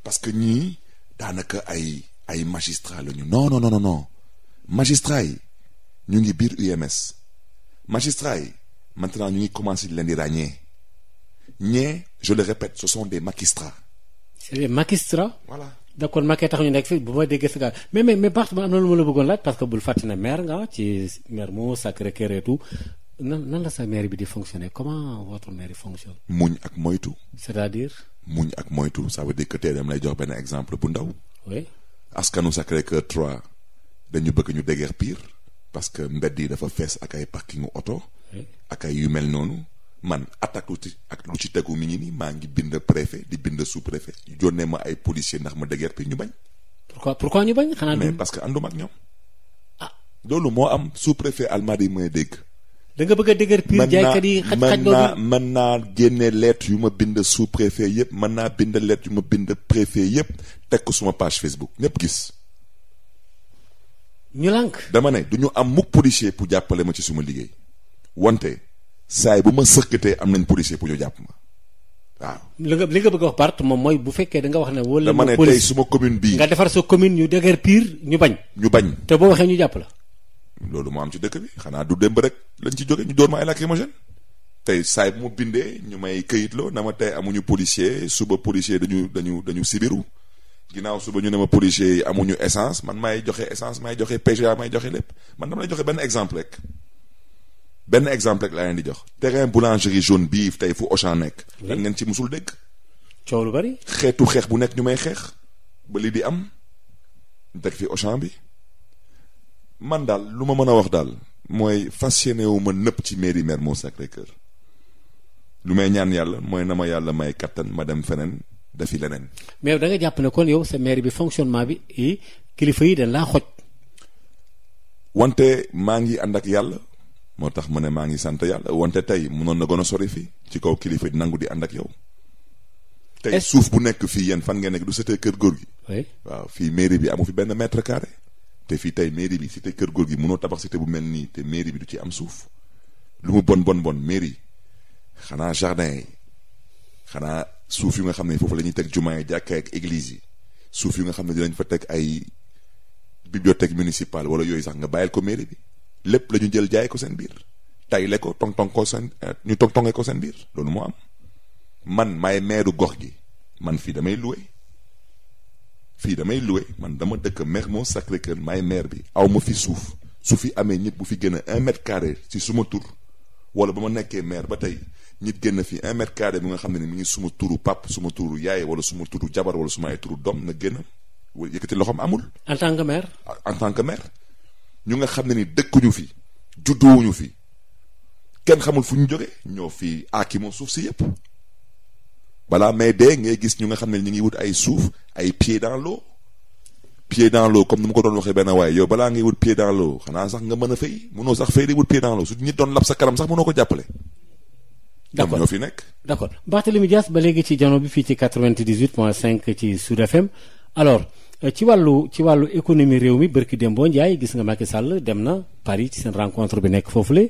Speaker 2: parce que ñii daanaka ay ay magistrat la ñu non non non non yi ñu ngi biir UMS magistrat yi maintenant ñu ngi commencé di leen di ràññee ñee je le répète ce sont des magistrats.
Speaker 1: c'est des magistrats. voilà d'accord ma koy tax ñu nekk fii bu ma déggee si gars mais mais mais Barth man am na lu ma la bëggoon laaj parce que bul fàttali ne maire nga ci maire moo Sacré-Cœur et tout nan nan la sa maire bi di fonctionner comment votre maire fonctionne.
Speaker 2: muñ ak moytu. c'est-à-dire. muñ ak moytu ça veut dire que tey dem lay jox benn exemple bu ndaw. oui askanu Sacré-Cœur 3 dañu bëgg ñu déguerpir parce que mbedd yi dafa fees ak ay parking oto. ak ay yu mel noonu man attaque lu ci ak lu ci tegu mi ngi nii maa ngi bind préfet di bind sous préfet yónnee ma ay policier ndax ma déguerpi ñu bañ.
Speaker 1: pourquoi pourquoi ñu bañ xanaa. mais parce que ànduma ak ñoom.
Speaker 2: ah loolu moo am sous préfet almadi may dégg.
Speaker 1: da nga bëgg a déguerpir
Speaker 2: jaaykat yi xaj xaj loolu naa mën naa génne lettre yu ma bind sous yëpp mën naa bind lettre yu ma bind préfet yëpp teg ko suma page Facebook ñëpp gis. ñu lànk dama ne du ñu am mukk policier pour jàppale ma ci suma liggéey. wante saay bu ma sëkkatee am nañ policier pour ñu jàpp ma
Speaker 1: waaw. li nga li nga bëgg wax Bart moom mooy bu fekkee da nga wax ne. wala dama ne tey suma
Speaker 2: commune bii. nga defar sa commune ñu dëgër piir ñu bañ. ñu bañ
Speaker 1: te boo waxee ñu jàpp la.
Speaker 2: loolu moo am ci dëkk bi xanaa du démb rek lañ ci jóge ñu door ma ay lacrymogène tey saay bu ma bindee ñu may këyitloo na ma tey amuñu policier suba policier dañu dañu dañu sibiru ginnaaw suba ñu ne ma policier yi amuñu essence man may joxe essence joxe PGA may joxe lépp man dama lay joxe benn exemple rek benn exemple rek laa leen di jox terrain boulangerie jaune bii tey fu Auchan nekk. lan ngeen ci musul dégg. coow lu bari. xeetu xeex bu nekk ñu may xeex ba li di am dëkk fi Auchan bi man daal lu ma mën a wax daal mooy fas yéene wu ma nëpp ci mairie Mermoz moo cœur lu may ñaan yàlla mooy na ma yàlla may kattan ma dem feneen dafi leneen.
Speaker 1: mais da jàpp ne kon yow sa mairie bi fonctionnement bi kilifa yi dañ laa xoj.
Speaker 2: wante maa ngi ànd ak yàlla. moo tax ma ne maa ngi sant yàlla wante tey mënoon na gën a sori fii ci kaw kilifa di nangu di ànd ak yow. tey suuf bu nekk fii yéen fan ngeen nekk du cité kër góor gi. waaw fii mairie bi amu fi benn mètre carré. te fii tey mairie bi cité gi mënoo tabax cité bu mel nii te mairie bi du ci am suuf lu mu bon bon bon mairie xanaa jardin yi xanaa suuf yu nga xam ne foofu la ñuy teg jumaa yi jàkka ak église yi suuf yu nga xam ne dinañ fa teg ay bibliothèque municipale wala yooyu sax nga bàyyil ko mairie bi. lépp lañu jël jaay ko seen biir tayle ko tong tong ko seen eh, ñu tong tonge ko seen biir loolu moo am man may meeru gox gi man fii damay loué fii damay loué man dama dëkk Mermoz Sacré-Cœur maay meer bi aw ma fi suuf su fi amee nit bu fi gën a un mètre carré ci suma tur wala ba ma nekkee maire ba tey nit génn fi un mètre carré bi nga xam ne ni mi ngi suma turu pap suma turu yaay wala suma turu jabar wala suma ay turu doom na génn yëkkati loxoom amul. en tant en tant que ñu nga xam ne ni dëkkuñu fi judduwuñu fi kenn xamul fu ñu jóge ñoo fi aaki moom suuf si yépp balaa may dee ngay gis ñu nga xam ne ñu ngi wut ay suuf ay pieds dans l'eau pieds comme ni ma ko doon waxee benn waaye yow balaa ngay wut pieds dans xanaa sax nga mën a fay mënoo sax fay di wut pieds dans l'eau su ñi doon lab sa kanam sax mënoo ko jàppale. d'accord ñoo fi nekk.
Speaker 1: d'accord Barthélémy Dias ba léegi ci jano bi fii ci 98 point 5 ci Sud FM alors. ci wàllu ci wàllu économie réew mi bërki Dembo Ndiaye gis nga Macky Sall dem na Paris ci seen rencontre bi nekk foofule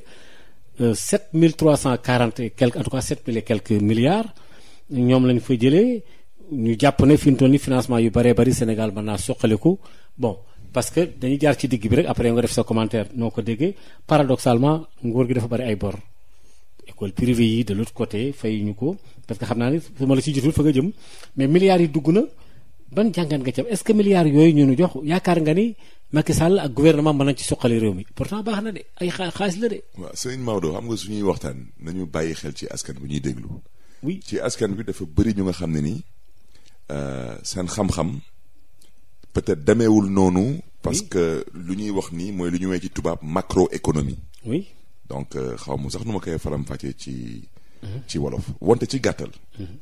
Speaker 1: 7340 euh, et quelque en tout cas 7000 et quelques milliards ñoom lañ fa jëlee ñu jàpp ne fi mu toll nii financement yu bëree bari Sénégal mën naa ko bon parce que dañuy jaar ci digg bi rek après nga def sa commentaire noo ko déggee paradoxalement nguur gi dafa bari ay bor. école privée yi de l'autre côté fay ñu ko parce que xam naa ne su ma la si jotul fa nga jëm mais milliards yi dugg na. ban jàngat nga ca am est-ce que milliards yooyu ñu nu jox yaakaar nga ni Macky Sall ak guvernement mën nañ ci suqali réew mi pourtant baax na de ay xaalis la de.
Speaker 2: waaw sëñ Maodo xam suñuy waxtaan nañu bàyyi xel ci askan bu ñuy déglu. oui ci askan bi dafa bëri ñu nga xam ne nii euh, seen xam-xam peut-être demeewul noonu. parce que lu ñuy wax nii mooy lu ñu wee ci tubaab macroéconomie. oui donc euh, xaw ma sax nu ma koy faram-fàccee ci. Mhm. ci wolof wante ci gàttal. Mhm.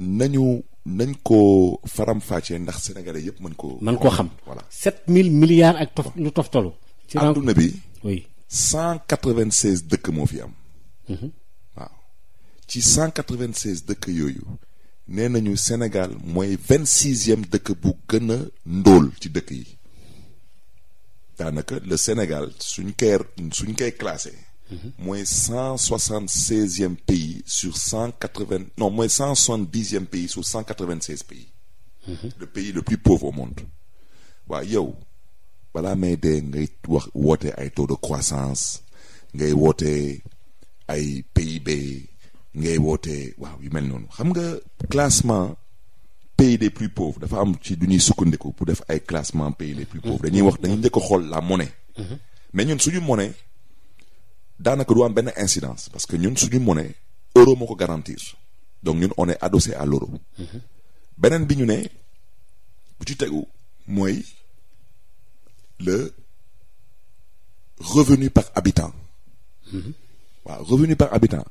Speaker 2: nañu nañ ko faram-fàccee ndax sénégalais yëpp mën ko mën ko xam
Speaker 1: voilà sept mille milliards ak tof lu toftalu ci àdduna bi oui
Speaker 2: cent quatre-vingt-seize dëkk moo fi am mhm. waaw ci cent quatre dëkk yooyu nee nañu Sénégal mooy vingt-sixième dëkk bu gën a ndóol ci dëkk yi daanaka le Sénégal suñ koy suñ koy classé Mhm. mooy cent soixante seizième pays su cent quatre vingt non mooy cent soixante dixième pays su cent quatre vingt seize pays. Mhm. le pays le plus pauvre au monde. waaw yow balaa may dee ngay wax woote ay taux de croissance ngay woote ay PIB ngay woote waaw yu mel noonu xam nga classement. pays les plus pauvres dafa am ci du ñuy sukkandiku pour def ay classement pays les plus pauvres mhm. dañuy wax dañuy njëkk a xool la monnaie mais ñun suñu monnaie daanaka du am benn incidence parce que ñun suñu monnaie euro moo ko garantir donc ñun on est adossé à l'euro beneen bi ñu ne bu ci tegu mooy le revenu par habitant waaw revenu par habitant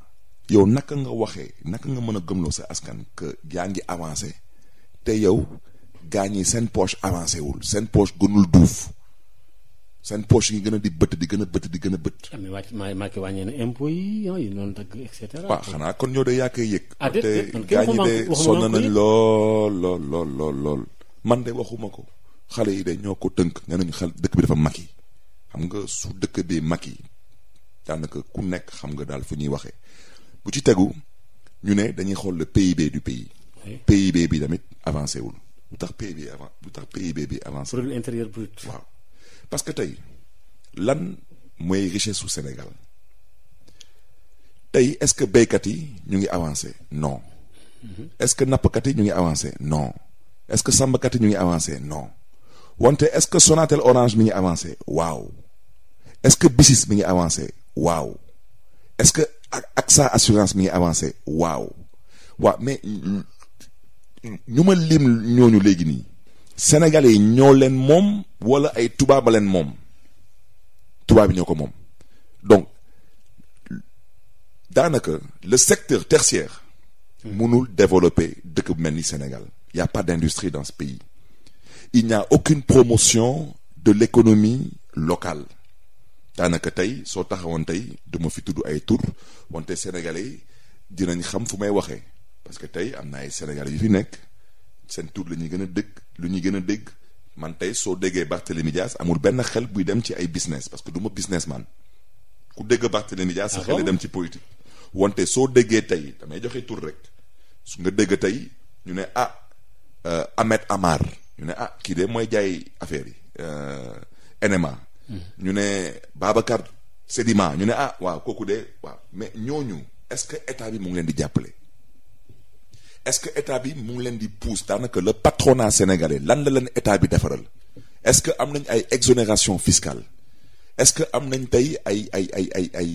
Speaker 2: yow naka nga waxee naka nga mën a gëmloo sa askan que yaa ngi avancé te yow gaañi seen poche avancé wul seen poche gënul duuf seen poche yi gën a di bëtt di gën a bëtt di gën a
Speaker 1: bëtt. am na Macky wàññi na impôts yi ah, yi noonu dëgg et cetera. waaw xanaa kon ñoo de yaa koy yëg. ah déedéet man kenn waxuma ko sonn nañ
Speaker 2: lool lool lool lool man de waxuma ko xale yi de ñoo ko tënk nee nañu xel dëkk bi dafa yi xam nga su dëkk bi mag yi daanaka ku nekk xam nga daal fu ñuy waxee bu ci tegu ñu ne dañuy xool le PIB du pays. PIB bi tamit avancé wul. lu tax PIB avant bu tax PIB bi avancé.
Speaker 1: produit intérieur brut waaw. parce que tey
Speaker 2: lan mooy richesse su Sénégal tey est-ce que béykat yi ñu ngi avancé non est-ce que nappkat yi ñu ngi avancé non est-ce que sàmmkat yi ñu ngi avancé non wante est-ce que Sonatel Orange mi ngi avancé waaw est-ce que BICIS mi ngi avancé waaw est-ce que AXA assurance mi ngi avancé waaw waaw mais ñu ma lim ñooñu léegi nii sénégalais yi ñoo leen moom wala ay tubaaba leen moom tubaab yi ñoo ko moom donc daanaka le secteur tertiaire mënul développer dëkk bu mel ni Sénégal il y a pas d'industrie dans ce pays il n'y aucune promotion de l'économie locale daanaka tey soo taxawoon tey duma fi tudd ay tur wante sénégalais dinañ xam fu may waxee parce que tey am na ay sénégalais yu fi nekk seen tur la ñuy gën a dëkk lu ñuy gën a dégg man tey soo déggee Barthélemy Dias amul benn xel buy dem ci ay business parce que duma ma man ku dégg Barthélemy Dias sa ah xel dem ci politique wante soo déggee tey damay joxe tur rek su nga dégg tey ñu ne ah euh, Ahmed Amar ñu ne ah kii de mooy jaay affaire yi euh, NMA hmm. ñu ne Babacar Sedima ñu ne ah waaw kooku dee waaw mais ñooñu est-ce que état bi mu ngi leen di jàppale est-ce que état bi mu ngi leen di pouse daanaka le patronat sénégalais lan la leen état bi defaral est-ce que am nañ ay exonération fiscale est-ce que am nañ tey ay ay ay ay ay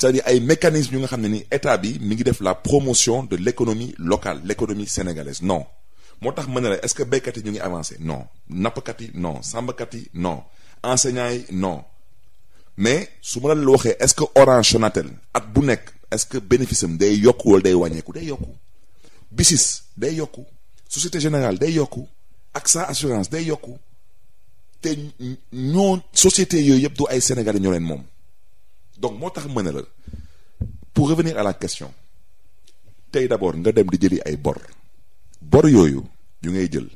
Speaker 2: cest ay mécanismes yu nga xam ne nii état bi mu ngi def la promotion de l'économie locale l'économie sénégalaise no moo tax mën na la est-ce que béykat yi ñu ngi avancer no nappkat yi non sàmmkat yi non enseignants yi no mais su ma la waxee est-ce que Orange Sonatel at bu nekk est-ce que bénéfice day yokku wala day wàññeeku day yokku BICIS day yokku Société général day yokku ak AXA assurance day yokku te ñoo société yooyu yëpp du ay Sénégalais ñoo leen moom donc moo tax mën a la pour revenir à la question tey d'abord nga dem di jëli ay bor bor yooyu ñu ngay jël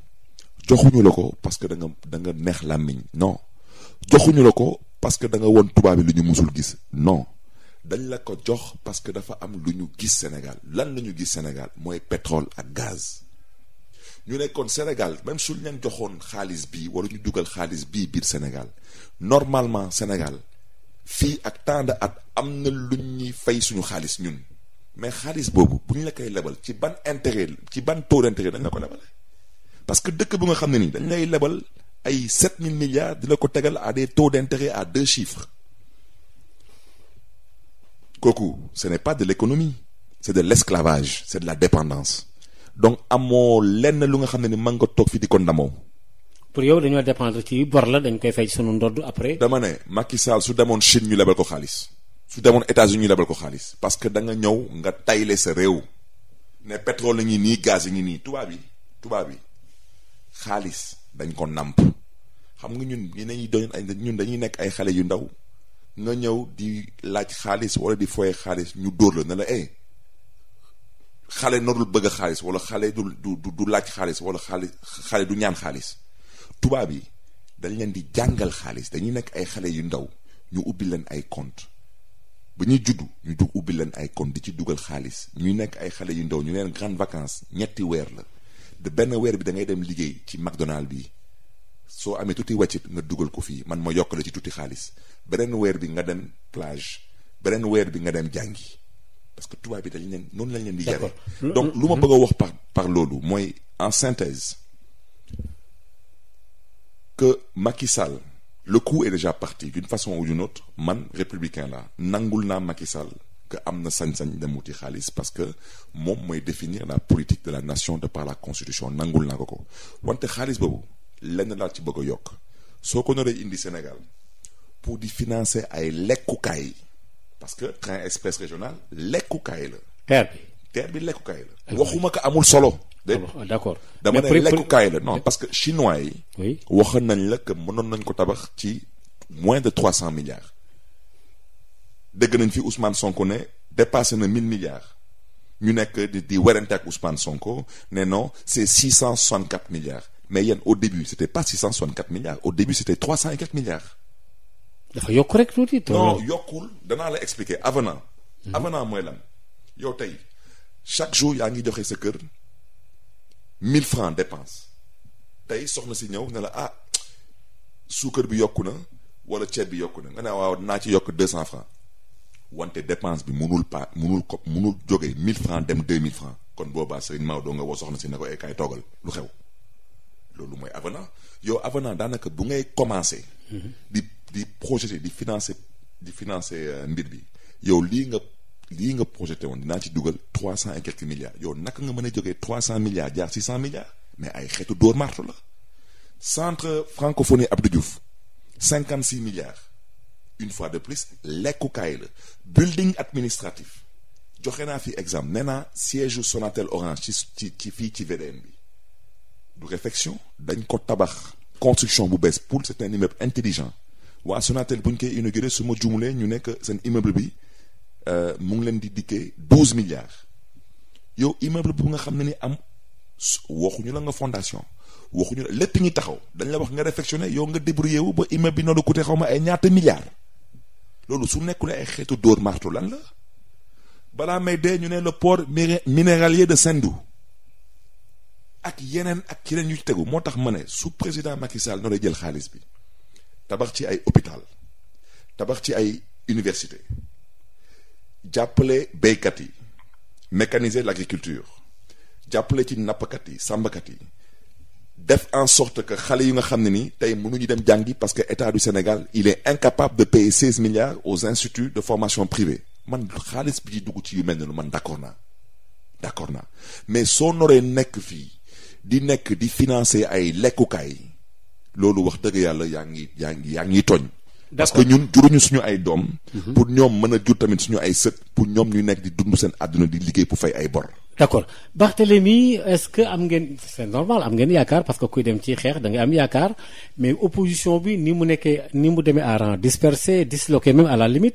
Speaker 2: joxuñu la ko parce que da nga da nga neex làmmiñ non joxuñu la ko parce que da nga woon tubaab yi lu ñu musul gis non dañ la ko jox parce que dafa am lu ñu gis Sénégal lan la ñu gis Sénégal mooy pétrole ak gaz ñu nekkoon Sénégal même suñ leen joxoon xaalis bii wala ñu dugal xaalis bii biir Sénégal normalement Sénégal fii ak temps de at am na lu ñuy fay suñu xaalis ñun mais xaalis boobu bu ñu la koy lebal ci ban intérêt ci ban taux d'intérêt dañ la ko lebal parce que dëkk bu nga xam ne nii dañ lay lebal ay 7000 milliards di la ko tegal à des taux d'intérêt à deux chiffres kooku ce n'est pas de l'économie c'est de l'esclavage c'est de la dépendance donc amoo lenn lu nga xam ne ni mën nga toog fi di ko ndamoo
Speaker 1: pour yow dañoo dépendre ci bor la dañ koy fay sunu ndodd après dama ne Macky Sall su demoon
Speaker 2: ñu lebal ko xaalis su demoon États-Unis ñu ko xaalis parce que da nga ñëw nga tayle sa réew ne pétrole la ngi nii gaz yi ngi nii tubaab yi tubaab yi xaalis dañ ko nàmp xam nga ñun ñi nañuy doon ay ñun dañuy nekk ay xale yu ndaw nga ñëw di laaj xaalis wala di foye xaalis ñu dóor la ne la eh xale norul bëgg xaalis wala xale du du du laaj xaalis wala xaalis xale du ñaan xaalis tubaab yi dañ leen di jàngal xaalis dañuy nekk ay xale yu ndaw ñu ubbi leen ay compte ba ñuy juddu ñu du ubbi leen ay compte di ci dugal xaalis ñuy nekk ay xale yu ndaw ñu leen grande vacances ñetti weer la de benn weer bi da ngay dem liggéey ci McDonald bi soo amee tuuti wàccit nga dugal ko fii man ma yokk la ci tuuti xaalis beneen weer bi nga dem plage beneen weer bi nga dem jàngi parce que tubaab bi dañ leen noonu lañ leen di yare donc lu ma bëgg a wax par par loolu mooy en synthèse que Macky Sall le coup est déjà parti d'une façon ou d'une autre man républicain la nangul naa Macky Sall que am na sañ-sañ dem wuti xaalis parce que moom mooy définir la politique de la nation de par la constitution nangul naa ko ko wante xaalis boobu lenn laa ci bëgg a yokk soo ko naree indi Sénégal pour di financer ay lekkukaay yi parce que train express régional lekkukaay la. TER bi TER bi lekkukaay la. waxuma ko amul solo. d' oh, accord dama ne lekkukaay la no parce que chinois yi. oui waxoon nañ la que mënoon nañ ko tabax ci moins de trois cent milliards. dégg nañ fi Ousmane Sonko ne dépassé na mille milliards ñu nekk di di werante ak Ousmane Sonko ne non c' est six milliards mais yéen au début c' était milliards au début c' milliards. dafa yokku rek tuuti. non yokkul danaa la expliquer avenant. Mhm. avenant mooy lan yow tey chaque jour yaa ngi joxe sa kër 1000 francs dépense tey soxna si ñëw ne la ah suukar bi yokku na wala ceeb bi yokku na nga ne waaw naa ci yokk 200 francs wante dépense bi munul pa munul ko munul jógee 1000 francs dem 2000 francs kon boobaa Serigne Maodo nga soxna si ne ko ay eh, kaay toogal lu xew loolu mooy avenant yow avenant daanaka bu ngay commencer. Mhm. di projeté di financé di financé euh, mbir bi yow lii nga lii nga projeté woon dinaa ci dugal trois cent et quelques milliards yow naka nga mën a joge trois cent milliards jaar six cent milliards mais ay xeetu dóor marto la centre francophonie Abdou Diouf cinquante six milliards une fois de plus lekkukaay la building administratif joxe naa fi exemple nee naa siège Sonatel Orange ci ci ci fii ci VDN bi du réflexion dañ ko tabax construction bu bees pour c'est un immeuble intelligent waa Sonatel bu ñu koy inauguré su ma jumulee ñu nekk seen immeuble bi euh, mu ngi leen di dikkee douze milliards yow immeuble bu nga xam ne ni am waxuñu la nga fondation waxuñu la lépp ngi taxaw dañ la wax nga réfectionné yow nga débrouillé wu ba immeuble bi noonu coûté xaw ma ay ñaata milliards loolu su nekkul ay xeetu dóor marto lan la balaa may dee ñu ne le port minéralier de Sendou ak yeneen ak yeneen yu ci tegu moo tax ma ne su président Macky Sall noonu jël xaalis bi. tabax ci ay hôpital tabax ci ay université jàppale béykat yi mécaniser l'agriculture jàppale ci nappkat yi sàmmkat yi def en sorte que xale yu nga xam ne ni tey mënuñu dem jàngi parce que état du Sénégal il est incapable de payer seize milliards aux instituts de formation privée man xaalis bi dugg ci yu mel noonu man d'accord naa d'accord na mais soo noree nekk fii di nekk di financer ay lekkukaay. loolu wax dëgg yàlla yaa ngi yaa ngi yaa ngi tooñ. parce que ñun juruñu suñu ay doom. pour ñoom mën a jur tamit suñu ay sët pour ñoom ñu nekk di dund seen àdduna di liggéey pour fay ay bor.
Speaker 1: d' accord Barthélemy est-ce que am ngeen c' est normal am ngeen yaakaar parce que kuy dem ci xeex da ngay am yaakaar mais opposition bi ni mu nekkee ni mu demee à rang dispersé disloqué même à la limite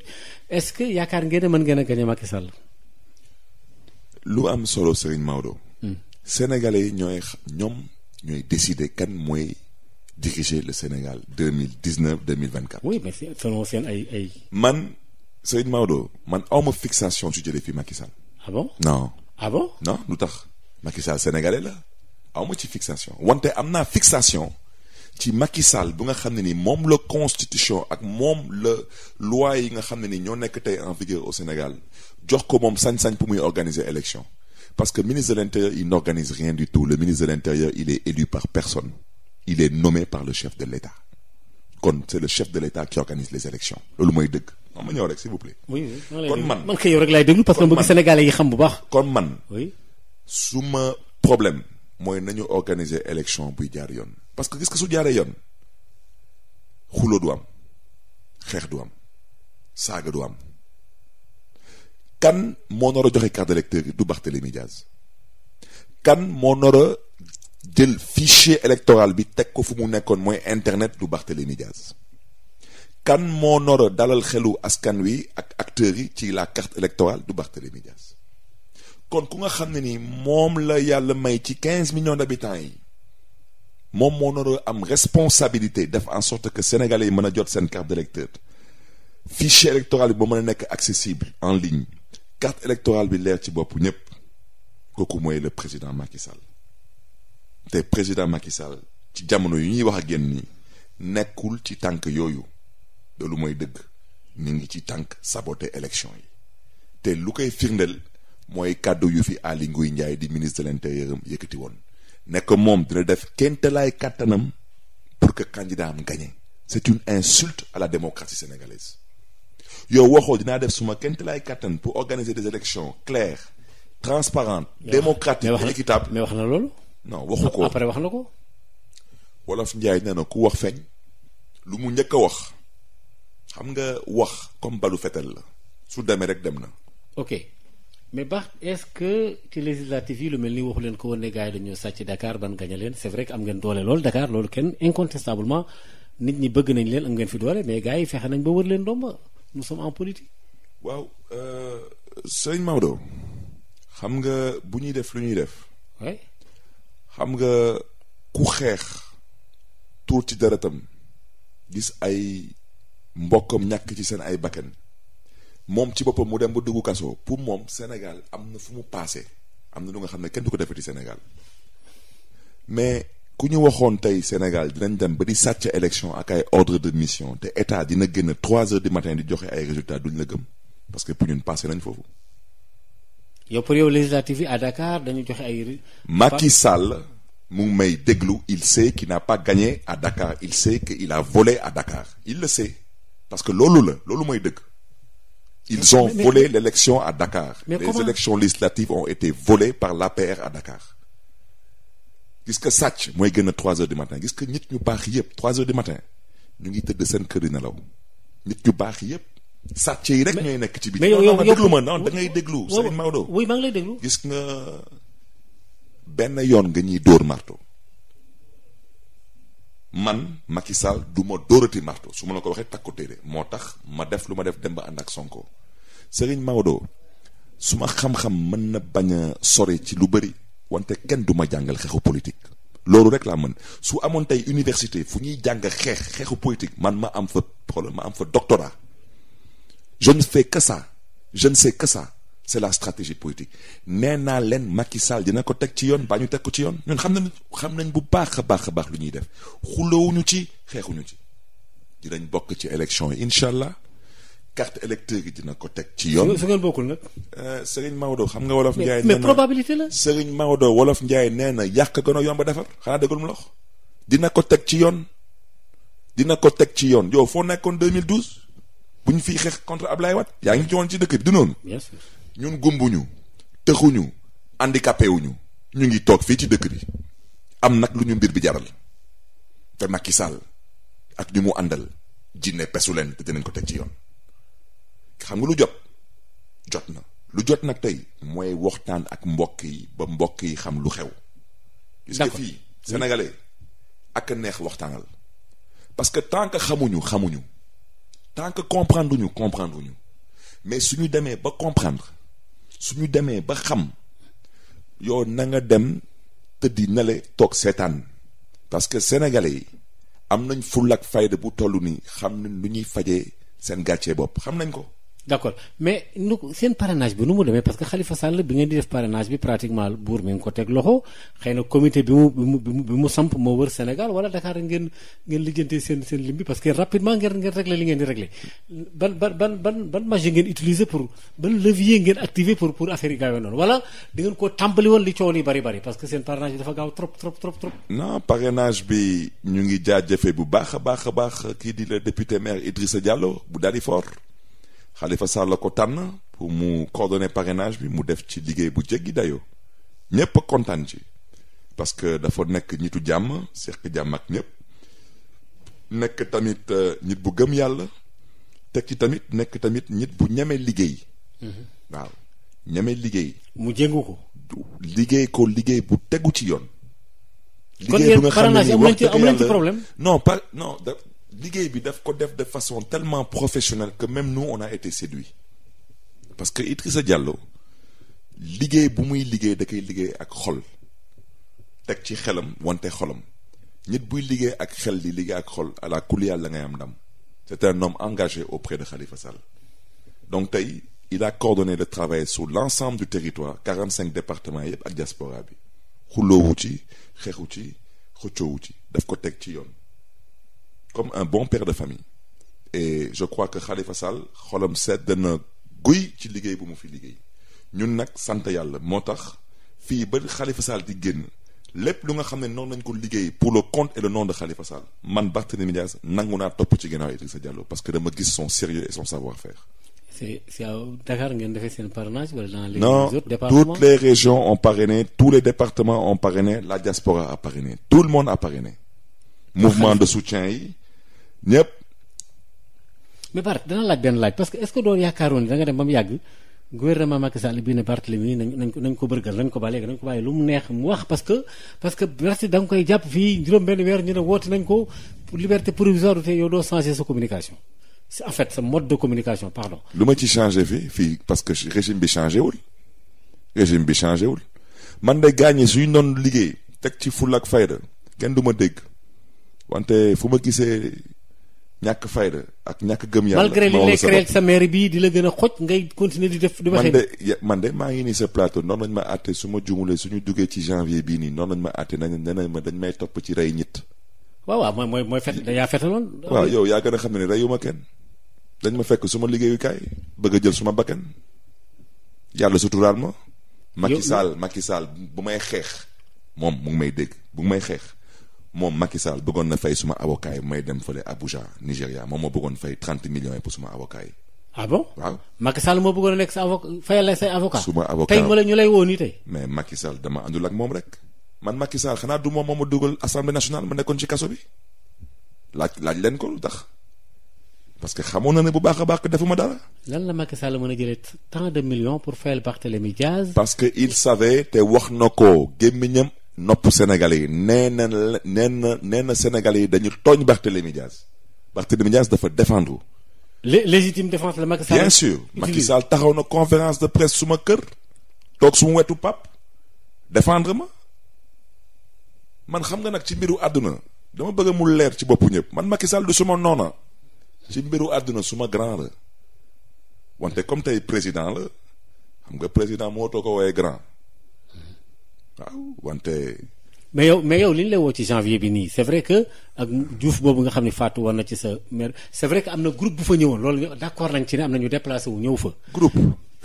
Speaker 1: est-ce que yaakaar ngeen ne mën ngeen a gagné Macky Sall. lu
Speaker 2: am solo Serigne Maodo. Hmm. sénégalais ñoom ñooy décider kan mooy. diriger le Sénégal deux mille dix neuf deux mille vingt quatre.
Speaker 1: oui mais seen ay ay.
Speaker 2: man Seydou Maodo man awma fixation su jëlee fii Macky Sall.
Speaker 1: ah bon non.
Speaker 2: Ah non lu tax Macky Sall sénégalais la awma ci fixation wante am naa fixation ci Macky Sall bu nga xam ne ni moom la constitution ak moom la loi yi nga xam ne ni ñoo nekk tey en vigueur au Sénégal jox ko moom sañ-sañ pour muy organiser élection parce que ministre de l'intérieur il n'organise rien du tout le ministre de l'intérieur il est élu par personne. il e nommé par le chef de l'État kon c'est le chef de l'État qui organise les élections loolu mooy dëgg non ma
Speaker 1: ñëw rek s'il vous plaît.
Speaker 2: kon man man kay yow rek laay déglu parce que bëgg Sénégalais yi xam mooy nañu organiser élection buy jaar yoon parce que gis nga su jaaree yoon xuloo du am xeex du am saaga du am kan moo nar a joxe carte d'électeur du baax Diaz kan moo nar jël fichier électoral bi teg ko fu mu nekkoon mooy internet du Barthélémy Diaz kan moo noro dalal xelu askan wi ak acteurs yi ci la carte électorale du Barthélémy Diaz kon ku nga xam ne nii moom la yàlla may ci quinze millions d'habitants yi moom moo nar am responsabilité def en sorte que sénégalais yi mën a jot seen carte d'électeur fichier électoral bi ba mën a nekk accessible en ligne carte électorale bi leer ci bopp ñëpp kooku mooy le président Macky Sall te président Macky Sall ci jamono yu ñuy wax ak génn nii nekkul ci tànk yooyu loolu mooy dëgg mi ngi ci tànk saboté élection yi te lu koy firndeel mooy kàddu yu fi Aly Ngouille Ndiaye di ministre de l'intérieur yëkkati woon nekk moom dina def kéntalaay kàttanam pour que candidat am gagné c'est une insulte à la démocratie sénégalaise yow waxoo dinaa def suma kéntalaay kàttan pour organiser des élections claires transparentes démocratiques et équitables mais wax na loolu non waxu ko après wax na ko. wolof Njaay nee na ku wax feeñ. lu mu njëkk a wax. xam nga wax comme balu fetal la. su demee rek dem na.
Speaker 1: ok mais baax est-ce que ci législative yi lu mel ni waxu leen ko woon ne gars yi dañoo sàcc dakaar ban gañe leen c'est vrai que am ngeen doole lool Dakar loolu kenn incontestablement nit ñi bëgg nañ leen am ngeen fi doole mais gars yi fexe nañ ba wër leen domba nous sommes en politique. waaw euh, sëñ Maodo. xam nga
Speaker 2: bu ñuy def lu ñuy def. xam nga ku xeex tuur ci tam gis ay mbokkam ñàkk ci seen ay bakken moom ci boppam mu dem ba dugg kaso pour moom Sénégal am na fu mu paase am na lu nga xam ne kenn du ko defee ci Sénégal mais ku ñu waxoon tey Sénégal dinañ dem ba di sàcc élection ak ay ordre de mission te état dina génn trois heures du matin di joxe ay résultats du la gëm parce que pour ñun paase nañ foofu.
Speaker 1: yow yow législative yi à Dakar dañu joxe ay. Macky
Speaker 2: Sall mu ngi may déglu il sait qu'il n'a pas gagné à Dakar il sait qu'il a volé à Dakar il le sait parce que loolu la loolu mooy dëgg. ils ont mais, volé l'élection à Dakar les comment... élections législatives ont été volées par l'APR à Dakar gis nga mooy gën a trois heures du matin gis nit ñu baax yëpp trois heures du matin ñu ngi tëdd seen kër yi nelaw nit ñu baax yëpp sàcc yi rek ñooy nekk ci bi mais yow yow ma non da ngay déglu Serigne Maodo. oui maa ngi lay gis nga benn yoon nga ñuy dóor marto man Macky Sall du ma dóorati marto su ma la ko waxee takku téere moo tax ma def lu ma def dem ba ànd ak Sonko Serigne Maodo su ma xam-xam mën na bañ a sori ci lu bëri wante kenn du ma jàngal xeexu politique. loolu rek laa mën su amoon tey université fu ñuy jàng xeex xeexu politique man ma am fa xoolal ma am fa doctorat. je ne fais que ça je ne sais que ça c'est la stratégie politique nee naa leen Macky Sall dina ko teg ci yoon ba ñu teg ko ci yoon ñun xam nañ xam nañ bu baax a baax baax lu ñuy def xulawuñu ci xeexuñu ci dinañ bokk ci élection yi incha allah carte électeur yi dina ko teg ci yoon. su
Speaker 1: ngeen bokkul nag. Euh, Serigne
Speaker 2: Maodo xam nga wolof. Ndiaye nee na mais probabilité la. Maodo wolof Ndiaye nee na yàq gën a yomb a defar xanaa déggul lox dina ko teg ci yoon dina ko teg ci yoon yow foo nekkoon 2012. bu ñu fiy xeex contre Ablaye Wade yaa ngi ci woon ci dëkk bi du noonu. ñun gumbuñu tëxuñu handicapé wuñu ñu ngi toog fii ci dëkk bi am nag lu ñu mbir bi jaral te Macky Sall ak ñu mu àndal jinne pesu leen te dinañ ko teg ci yoon xam nga lu jot jot na lu jot nag tey mooy waxtaan ak mbokk yi ba mbokk yi xam lu xew gis nga fii ak neex waxtaanal parce que tant que xamuñu xamuñu tant que comprendre ñu comprendre ñu mais suñu demee ba comprendre ñu demee ba xam yow na nga dem tëddi na le toog seetaan parce que sénégalais yi am nañ full ak fayda bu toll nii xam nañ lu ñuy fajee seen gàccee bopp xam
Speaker 1: nañ ko d'accord mais nu seen parrainage bi nu mu demee parce que Khalifa Sall bi ngeen di def parrainage bi pratiquement buur mi ngi ko teg loxo xëy na bi mu mu bi mu samp moo wër Sénégal wala Dakar ngeen ngeen lijjantee seen seen lim bi parce que rapidement ngeen ngeen régler li ngeen di régler ban ban ban ban ngeen utiliser pour ban levier ngeen activer pour pour affaire yi gaawee noonu wala di ngeen ko tàmbali woon li coow li bari bari parce que seen parrainage bi dafa gaaw trop trop trop
Speaker 2: ñu ngi jaajëfee bu baax a baax a baax kii di la député maire Idrissa Diallo bu Dalifort. Khalifa Sall la ko tànn pour mu coordonner parrainage bi mu def ci liggéey bu jéggi dayoo ñëpp kontaan ci parce que dafa nekk ñitu jàmm seq jàmm ak ñëpp nekk tamit euh, nit bu gëm yàlla teg ci tamit nekk tamit nit bu ñemee liggéey. Mhm. waaw ñeme liggéey. mu jéngu ko. liggéey ko liggéey bu tegu ci yoon.
Speaker 1: liggéey bu nga xam ne nii wax dëgg problème.
Speaker 2: non pas non liggéey bi daf ko def de façon tellement professionnelle que même nous on a été séduits parce que sa Diallo liggéey bu muy liggéey da koy liggéey ak xol teg ci xelam wante xolam nit buy liggéey ak xel di liggéey ak xol àla kul yàlla ngay am ndam c'est un homme engagé auprès de Khalifa Sall donc tey il a coordonné le travail sur l'ensemble du territoire 45 départements yëpp ak diaspora bi xuloowu ci xeexu ci xëccoowu ci daf ko teg ci yoon comme un bon père de famille et je crois que Khalifa Sall xolam sedd na guy ci liggéey bu mu fi liggéey ñun nag sant yàlla moo tax fii ba Khalifa Sall di génn lépp lu nga xam ne noonu lañ ko liggéey pour le compte et le nom de Khalifa Sall man Barthélémy Dias nangu naa topp ci ginnaaw Idrissa Diallo parce que dama gis son sérieux et son savoir-faire.
Speaker 1: c'est c'est à Dakar ngeen defee seen parrainage wala dans les autres départements toutes les régions
Speaker 2: ont parrainé tous les départements ont parrainé le monde a mouvement de soutien yi ñëpp.
Speaker 1: mais Bart dana laaj benn laaj parce que est-ce que doo yaakaaroon da nga dem ba mu yàgg gouvernement Macky Sall bii ne Barthélemy nañ nañ ko nañ ko bërgal nañ ko bàyyi nañ ko bàyyi lu mu neex mu wax parce que parce que Barthélemy da nga koy jàpp fii juróom-benn weer ñu ne woote nañ ko liberté provisoire te yow doo changer sa communication c'est en fait sa mode de communication pardon.
Speaker 2: lu ma ci changé fii fii parce que régime bi changé wul régime bi changé wul man de gaañi suy noonu liggéey teg ci ful ak fayda kenn du ma dégg. wante fu ma gisee ñàkk fayda ak ñàkk gëm yàlla. malgré li nekk rek sa
Speaker 1: mairie bi di la gën a xoj ngay continuer di def. di waxee
Speaker 2: man de maa ngi nii sa noonu lañ ma àtte su ma suñu duggee ci janvier bii nii noonu lañ ma àtte nañ ne ma dañ may topp ci rey ñit.
Speaker 1: waaw waaw mooy mooy mooy fet yaa fetaloon. waaw yow
Speaker 2: yaa xam ne reyu ma kenn dañ ma fekk su ma liggéeyukaay bëgg a jël su ma bakkan yàlla suturaal ma. Macky Sall Macky Sall bu may xeex. moom mu may dégg bu may xeex. moom Macky Sall bëggoon na fay suma avocat yi may dem fële Abuja Nigéria moom moo bëggoon fay trente millions yi pour suma avocat yi.
Speaker 1: ah waaw Macky moo bëggoon a nekk sa avocat fayal la say avocat suma avocat tey ma lay woo nii tey.
Speaker 2: mais Macky Sall dama àndul ak moom rek man Macky xanaa du moom moo ma dugal assemblée ma nekkoon ci kaso bi laaj laaj leen ko lu tax parce que xamoon na ne bu baax a baax defuma dara.
Speaker 1: lan la Macky Sall mën a jëlee pour fayal Barthélémy Diaz.
Speaker 2: que il te wax na ko gémmiñam nopp Sénégalais yi nee na nee na nee na Sénégalais yi dañu tooñ Barthélémy Diaz Barthélémy Diaz dafa défendre.
Speaker 1: légitime défense la
Speaker 2: Macky Sall. bien sûr Macky Sall taxaw na conférence de presse suma kër toog suma wetu pap défendre ma man xam nga nag ci mbiru àdduna dama bëgg mu leer ci boppu ñëpp man Macky Sall du suma noona ci mbiru àdduna suma grand la wante comme tey président la xam nga président moo too ko wooyee grand.
Speaker 1: waaw wante. mais yow mais li ñu lay woo ci janvier bi nii c'est vrai que ak Diouf boobu nga xam ni Fatou war na ci sa maire c'est vrai que am na groupe bu fa ñëwoon loolu d'accord nañ ci ne na ñu déplacé wu ñëw fa. groupe.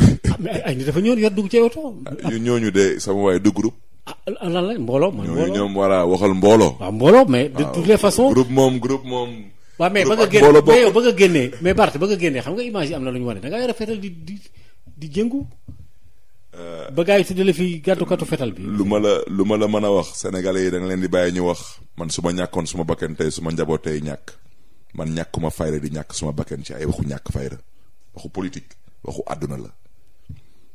Speaker 1: Ah, mais ay nit dafa ñëwoon yor dugg ci oto. ñun
Speaker 2: ah, ñooñu de
Speaker 1: sama waay du groupe. ah lan la mbooloo mooy mbooloo waxal mbooloo. waaw ah, mais de toutes les moom groupe moom. waaw mais ba nga génne mais yow ba nga mais Bart ba nga génnee xam nga image am na lu ñu wane da ngay rafetal di di di jëngu ba gars yi tuddee la fi
Speaker 2: gàttukatu fetal bi. lu ma la lu ma la mën a wax sénégalais yi da nga leen di bàyyi ñu wax man su ma ñàkkoon suma ma bakkan tey su ñàkk man ñàkkuma fayra di ñàkk suma bakken ci ay waxu ñàkk fayra waxu politique waxu àdduna la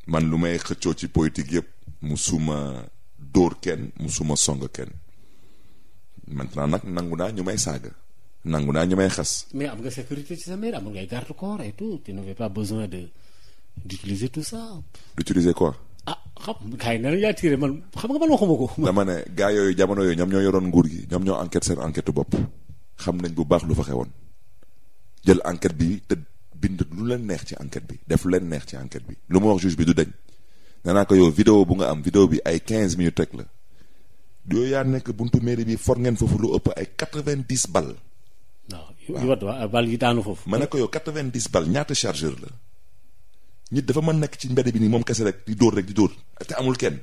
Speaker 2: man lu may xëccoo ci politique yëpp musuma dóor kenn musuma song kenn maintenant nag nangu naa ñu may saaga. nangu naa ñu may xas.
Speaker 1: mais am nga sécurité ci sa mère amul ngay garde corps et tout tu n'avais pas besoin du tout ça. d'utiliser quoi. ah xam gars yi nee nañ yaa tiré man xam nga man waxuma ko. [LAUGHS]
Speaker 2: dama ne gars yooyu jamono yooyu ñoom ñoo yoroon nguur gi ñoom ñoo enquête seen enquête bopp xam nañ bu baax lu fa xewoon jël enquête bi te
Speaker 1: bind lu leen
Speaker 2: neex ci enquête bi def leen neex ci enquête bi lu ma wax juge bi du dañ nee naa ko yow vidéo bu nga am vidéo bi ay 15 minutes rek la yooyu yaa nekk buntu mairie bi for ngeen foofu lu ëpp ay 90 balles. waaw yu yu waat bal yi daanu foofu. ma ne ko yow la. nit dafa mën nekk ci mbedd bi nii moom kese rek di dóor rek di dóor te amul kenn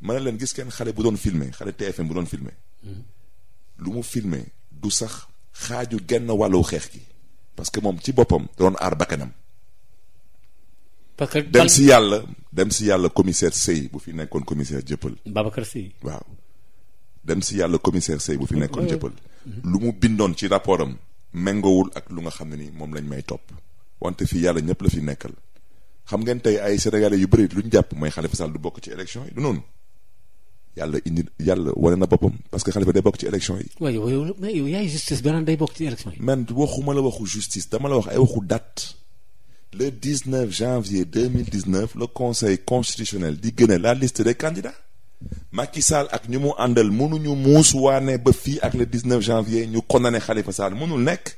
Speaker 2: ma ne leen gis kenn xale bu doon filmer xale TFM bu doon filmer hmm. lu mu filmer du sax xaaju genn wàllu xeex gi parce que moom ci boppam da doon aar bakkanam
Speaker 1: parce que dem si
Speaker 2: yàlla dem si yàlla commissaire Sey bu fi nekkoon commissaire jëppal
Speaker 1: Babacar Sey
Speaker 2: waaw dem si yàlla commissaire Sey bu fi nekkoon jëppal hmm. lu mu bindoon ci rapport am méngoowul ak lu nga xam ne nii moom lañ may topp wante fii yàlla ñëpp la fi nekkal xam ngeen tey ay sénégalais yu bëri lu ñu jàpp mooy Khalifa Sall du bokk ci élection yi du noonu yàlla indi yàlla wane na boppam parce que Khalifa day bokk ci élection yi. waaye
Speaker 1: yow mais yow yaay
Speaker 2: waxuma la waxu justice dama la wax ay waxu date le 19 janvier 2019 le conseil constitutionnel di génne la list des candidats Macky Sall ak ñu mu àndal mënuñu muus waane ba fii ak le 19 janvier ñu condamné Khalifa Sall mënul nekk.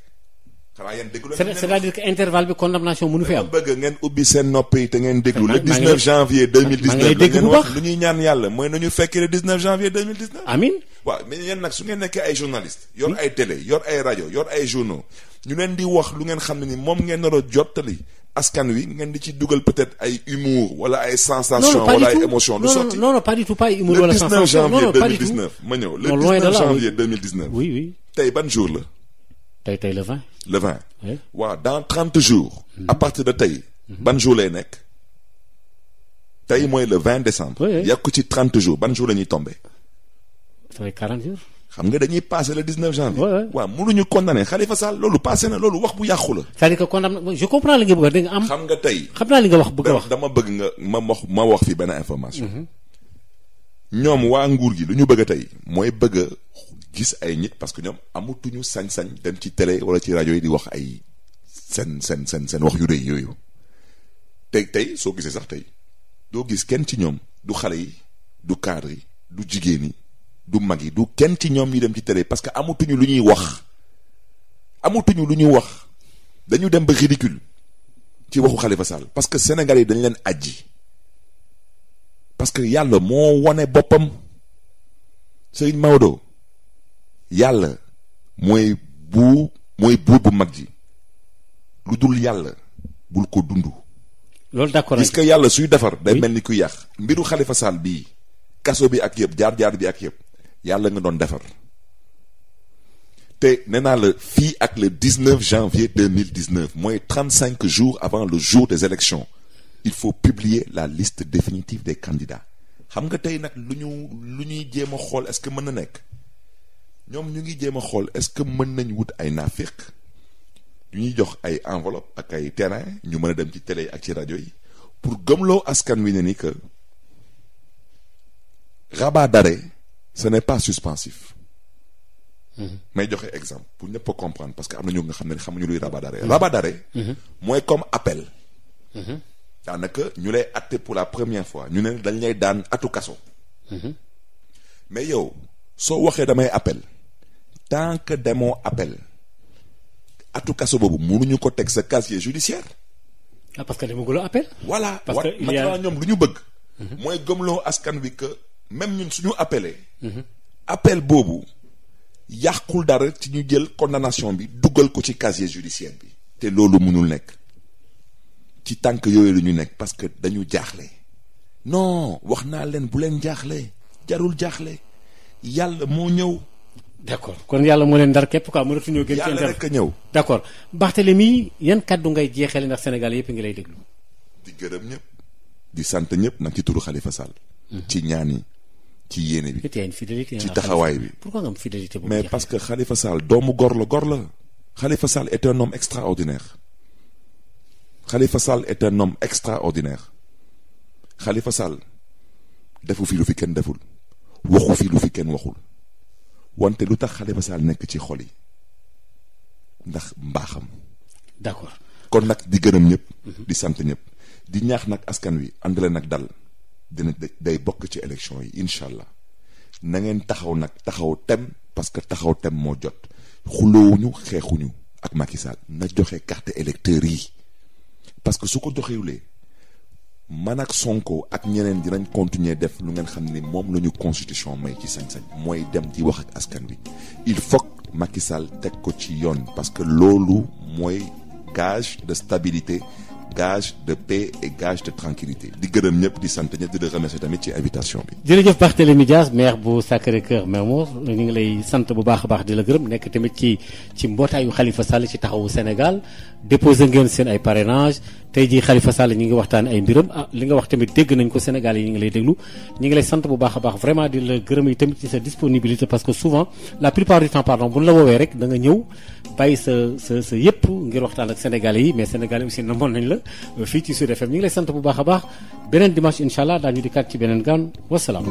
Speaker 2: xanaa yéen déglu
Speaker 1: c'est-à-dire que intervalle
Speaker 2: bi condamnation mënu fi am. bëgg ngeen ubbi seen nopp yi te ngeen déglu. le 19 janvier 2019 la ngeen wax lu ñuy ñaan yàlla mooy nañu fekkee le 19 janvier 2019. amiin waaw mais yéen nag su ngeen nekkee ay journaliste yor ay télé yor ay rajo yor ay journaux ñu leen di wax lu ngeen xam ne ni moom ngeen nar a jottali askan wi ngeen di ci dugal peut-être ay humour wala ay sensation wala ay émotion du sotti
Speaker 1: non non pas du tout pas humour wala sensation le 19 janvier 2019 ma ñëw le 19 janvier
Speaker 2: 2019 oui oui tey ban jour la tey tey le 20. le 20 waaw dans 30 jours. à de tey. ban jour lay nekk. tey mooy le 20 décembre. yàgg ci 30 jours ban jour la ñuy tombé.
Speaker 1: ça fait 40 jours.
Speaker 2: xam nga dañuy passé le 19 janvier. waaw waaw mënuñu condamné Khalifa Sall loolu passé na loolu wax bu yàqu la. c'est-à-dire que condamné je comprends li nga bëgg a da nga am. xam nga tey xam naa li nga wax bëgg a wax. dama bëgg nga ma wax ma wax fi benn information. Mhm. ñoom waa nguur gi lu ñu bëgg a tey mooy bëgg gis ay nit parce que ñoom amatuñu sañ-sañ dem ci télé wala ci rajo yi di wax ay seen seen seen seen wax yu rëy yooyu tey tey soo gisee sax tey doo gis kenn ci ñoom du xale yi du cadre du jigéen yi du mag yi du kenn ci ñoom ñu dem ci télé parce que amatuñu lu ñuy wax amatuñu lu ñu wax dañu dem ba ridicule ci waxu Khalifa Sall parce que Sénégal yi dañ leen ajji parce que yàlla moo wone boppam Serigne Maodo yàlla mooy bu mooy buur bu mag ji lu dul yàlla bul ko dund. loolu d'accord gis nga yàlla suy defar day mel ni ku yàq. mbiru xalifa Sall bii kaso bi ak yëpp jaar jaar bi ak yëpp yàlla nga doon defar te nee naa la fii ak le 19 janvier 2019 mooy 35 jours avant le jour des élections il faut publier la liste définitive des candidats xam nga tey nag lu ñu lu ñuy jéem a xool est-ce que mën na nekk. ñoom ñu ngi jéem a xool est-ce que mën nañ wut ay naaféq ñu ñuy jox ay enveloppe ak ay terrain ñu mën a dem ci télé yi ak ci rajo yi pour gëmloo askan wi ne nii que rabat d'arrêt ce n'est pas suspensif. Mhm. may joxe exemple pour ñëpp a comprendre parce que am na ñu nga xam ne xamuñu luy rabat d'arrêt. Mhm. rabat d'arrêt. Mhm. mooy comme appel. daanaka ñu lay atte pour la première fois ñu ne dañ lay daan atu kaso. mais yow soo waxee damay appel. tant que demoo appel atu kaso boobu mënuñu ko teg sa casier judiciaire. ah parce que demagul appel. voilà parce que maintenant ñoom lu ñu bëgg. Mhm. mooy gëmloo askan wi que même ñun suñu appelé. Mhm. appel boobu yàqul dara ci ñu jël condamnation bi duggal ko ci casier judiciaire bi. te loolu mënul nekk ci tànk yooyu lu ñu nekk parce que dañu jaaxle. non wax
Speaker 1: naa leen bu leen jaaxle jarul jaaxle yàlla moo ñëw. d' accord kon yàlla moo leen dar képp quoi mënatuñoo gën ci internet ñëw d' accord Barthélemy yan kàddu ngay jeexale ndax Sénégal yëpp ngi lay déglu di gërëm ñëpp
Speaker 2: di sant ñëpp nag ci turu xalifa Sall mhm. ci ñaan yi ci yéene
Speaker 1: bi ci taxawaay bi pourquoi nga mais parce
Speaker 2: que Khalifa doomu gor la gor la xalifa Sall est un homme extraordinaire Khalifa Sall est un homme extraordinaire Khalifa Sall defu fi lu fi kenn deful waxu fi lu fi kenn waxul wante lu tax Khalifa Sall nekk ci xol yi ndax mbaaxam. d'accord kon nag di gërëm ñëpp. Mhm. di sant ñëpp di ñaax nag askan wi àndale nag dal dina day bokk ci élection yi incha allah na ngeen taxaw nag taxaw tem parce que taxaw tem moo jot ñu xeexuñu ak Macky na joxe carte électeur yi parce que su ko joxewulee man ak Sonko ak ñeneen dinañ continuer def lu ngeen xam ni moom la ñu constitution may ci sañ-sañ mooy dem di wax ak askan wi il faut Macky Sall teg ko ci yoon parce que loolu mooy gage de stabilité gage de paix et gage de tranquillité di gërëm ñëpp di sant ñëpp di la tamit ci invitation bi.
Speaker 1: jërëjëf Barthélémy Dias maire bu Sacré-Cœur Mermoz ñu ngi lay sant bu baax a baax di la gërëm nekk tamit ci ci mbootaayu Khalifa Sall ci taxawu Sénégal déposé ngeen seen ay parrainage tey jii Khalifa Sall ñu ngi waxtaan ay mbiram ah li nga wax tamit dégg nañ ko Sénégal yi ñu ngi lay déglu ñu ngi lay sant bu baax a baax vraiment di la gërëm yi tamit ci sa disponibilité parce que souvent la plupart du temps pardon bu ñu la woowee rek da nga ñëw bàyyi sa sa sa yëpp ngir waxtaan ak sénégal yi mais Sénégalais aussi moon nañ la euh, fii ci Sud FM ñu ngi lay sant bu baax a baax beneen dimanche incha allah ñu di kat ci beneen gaan wasalaam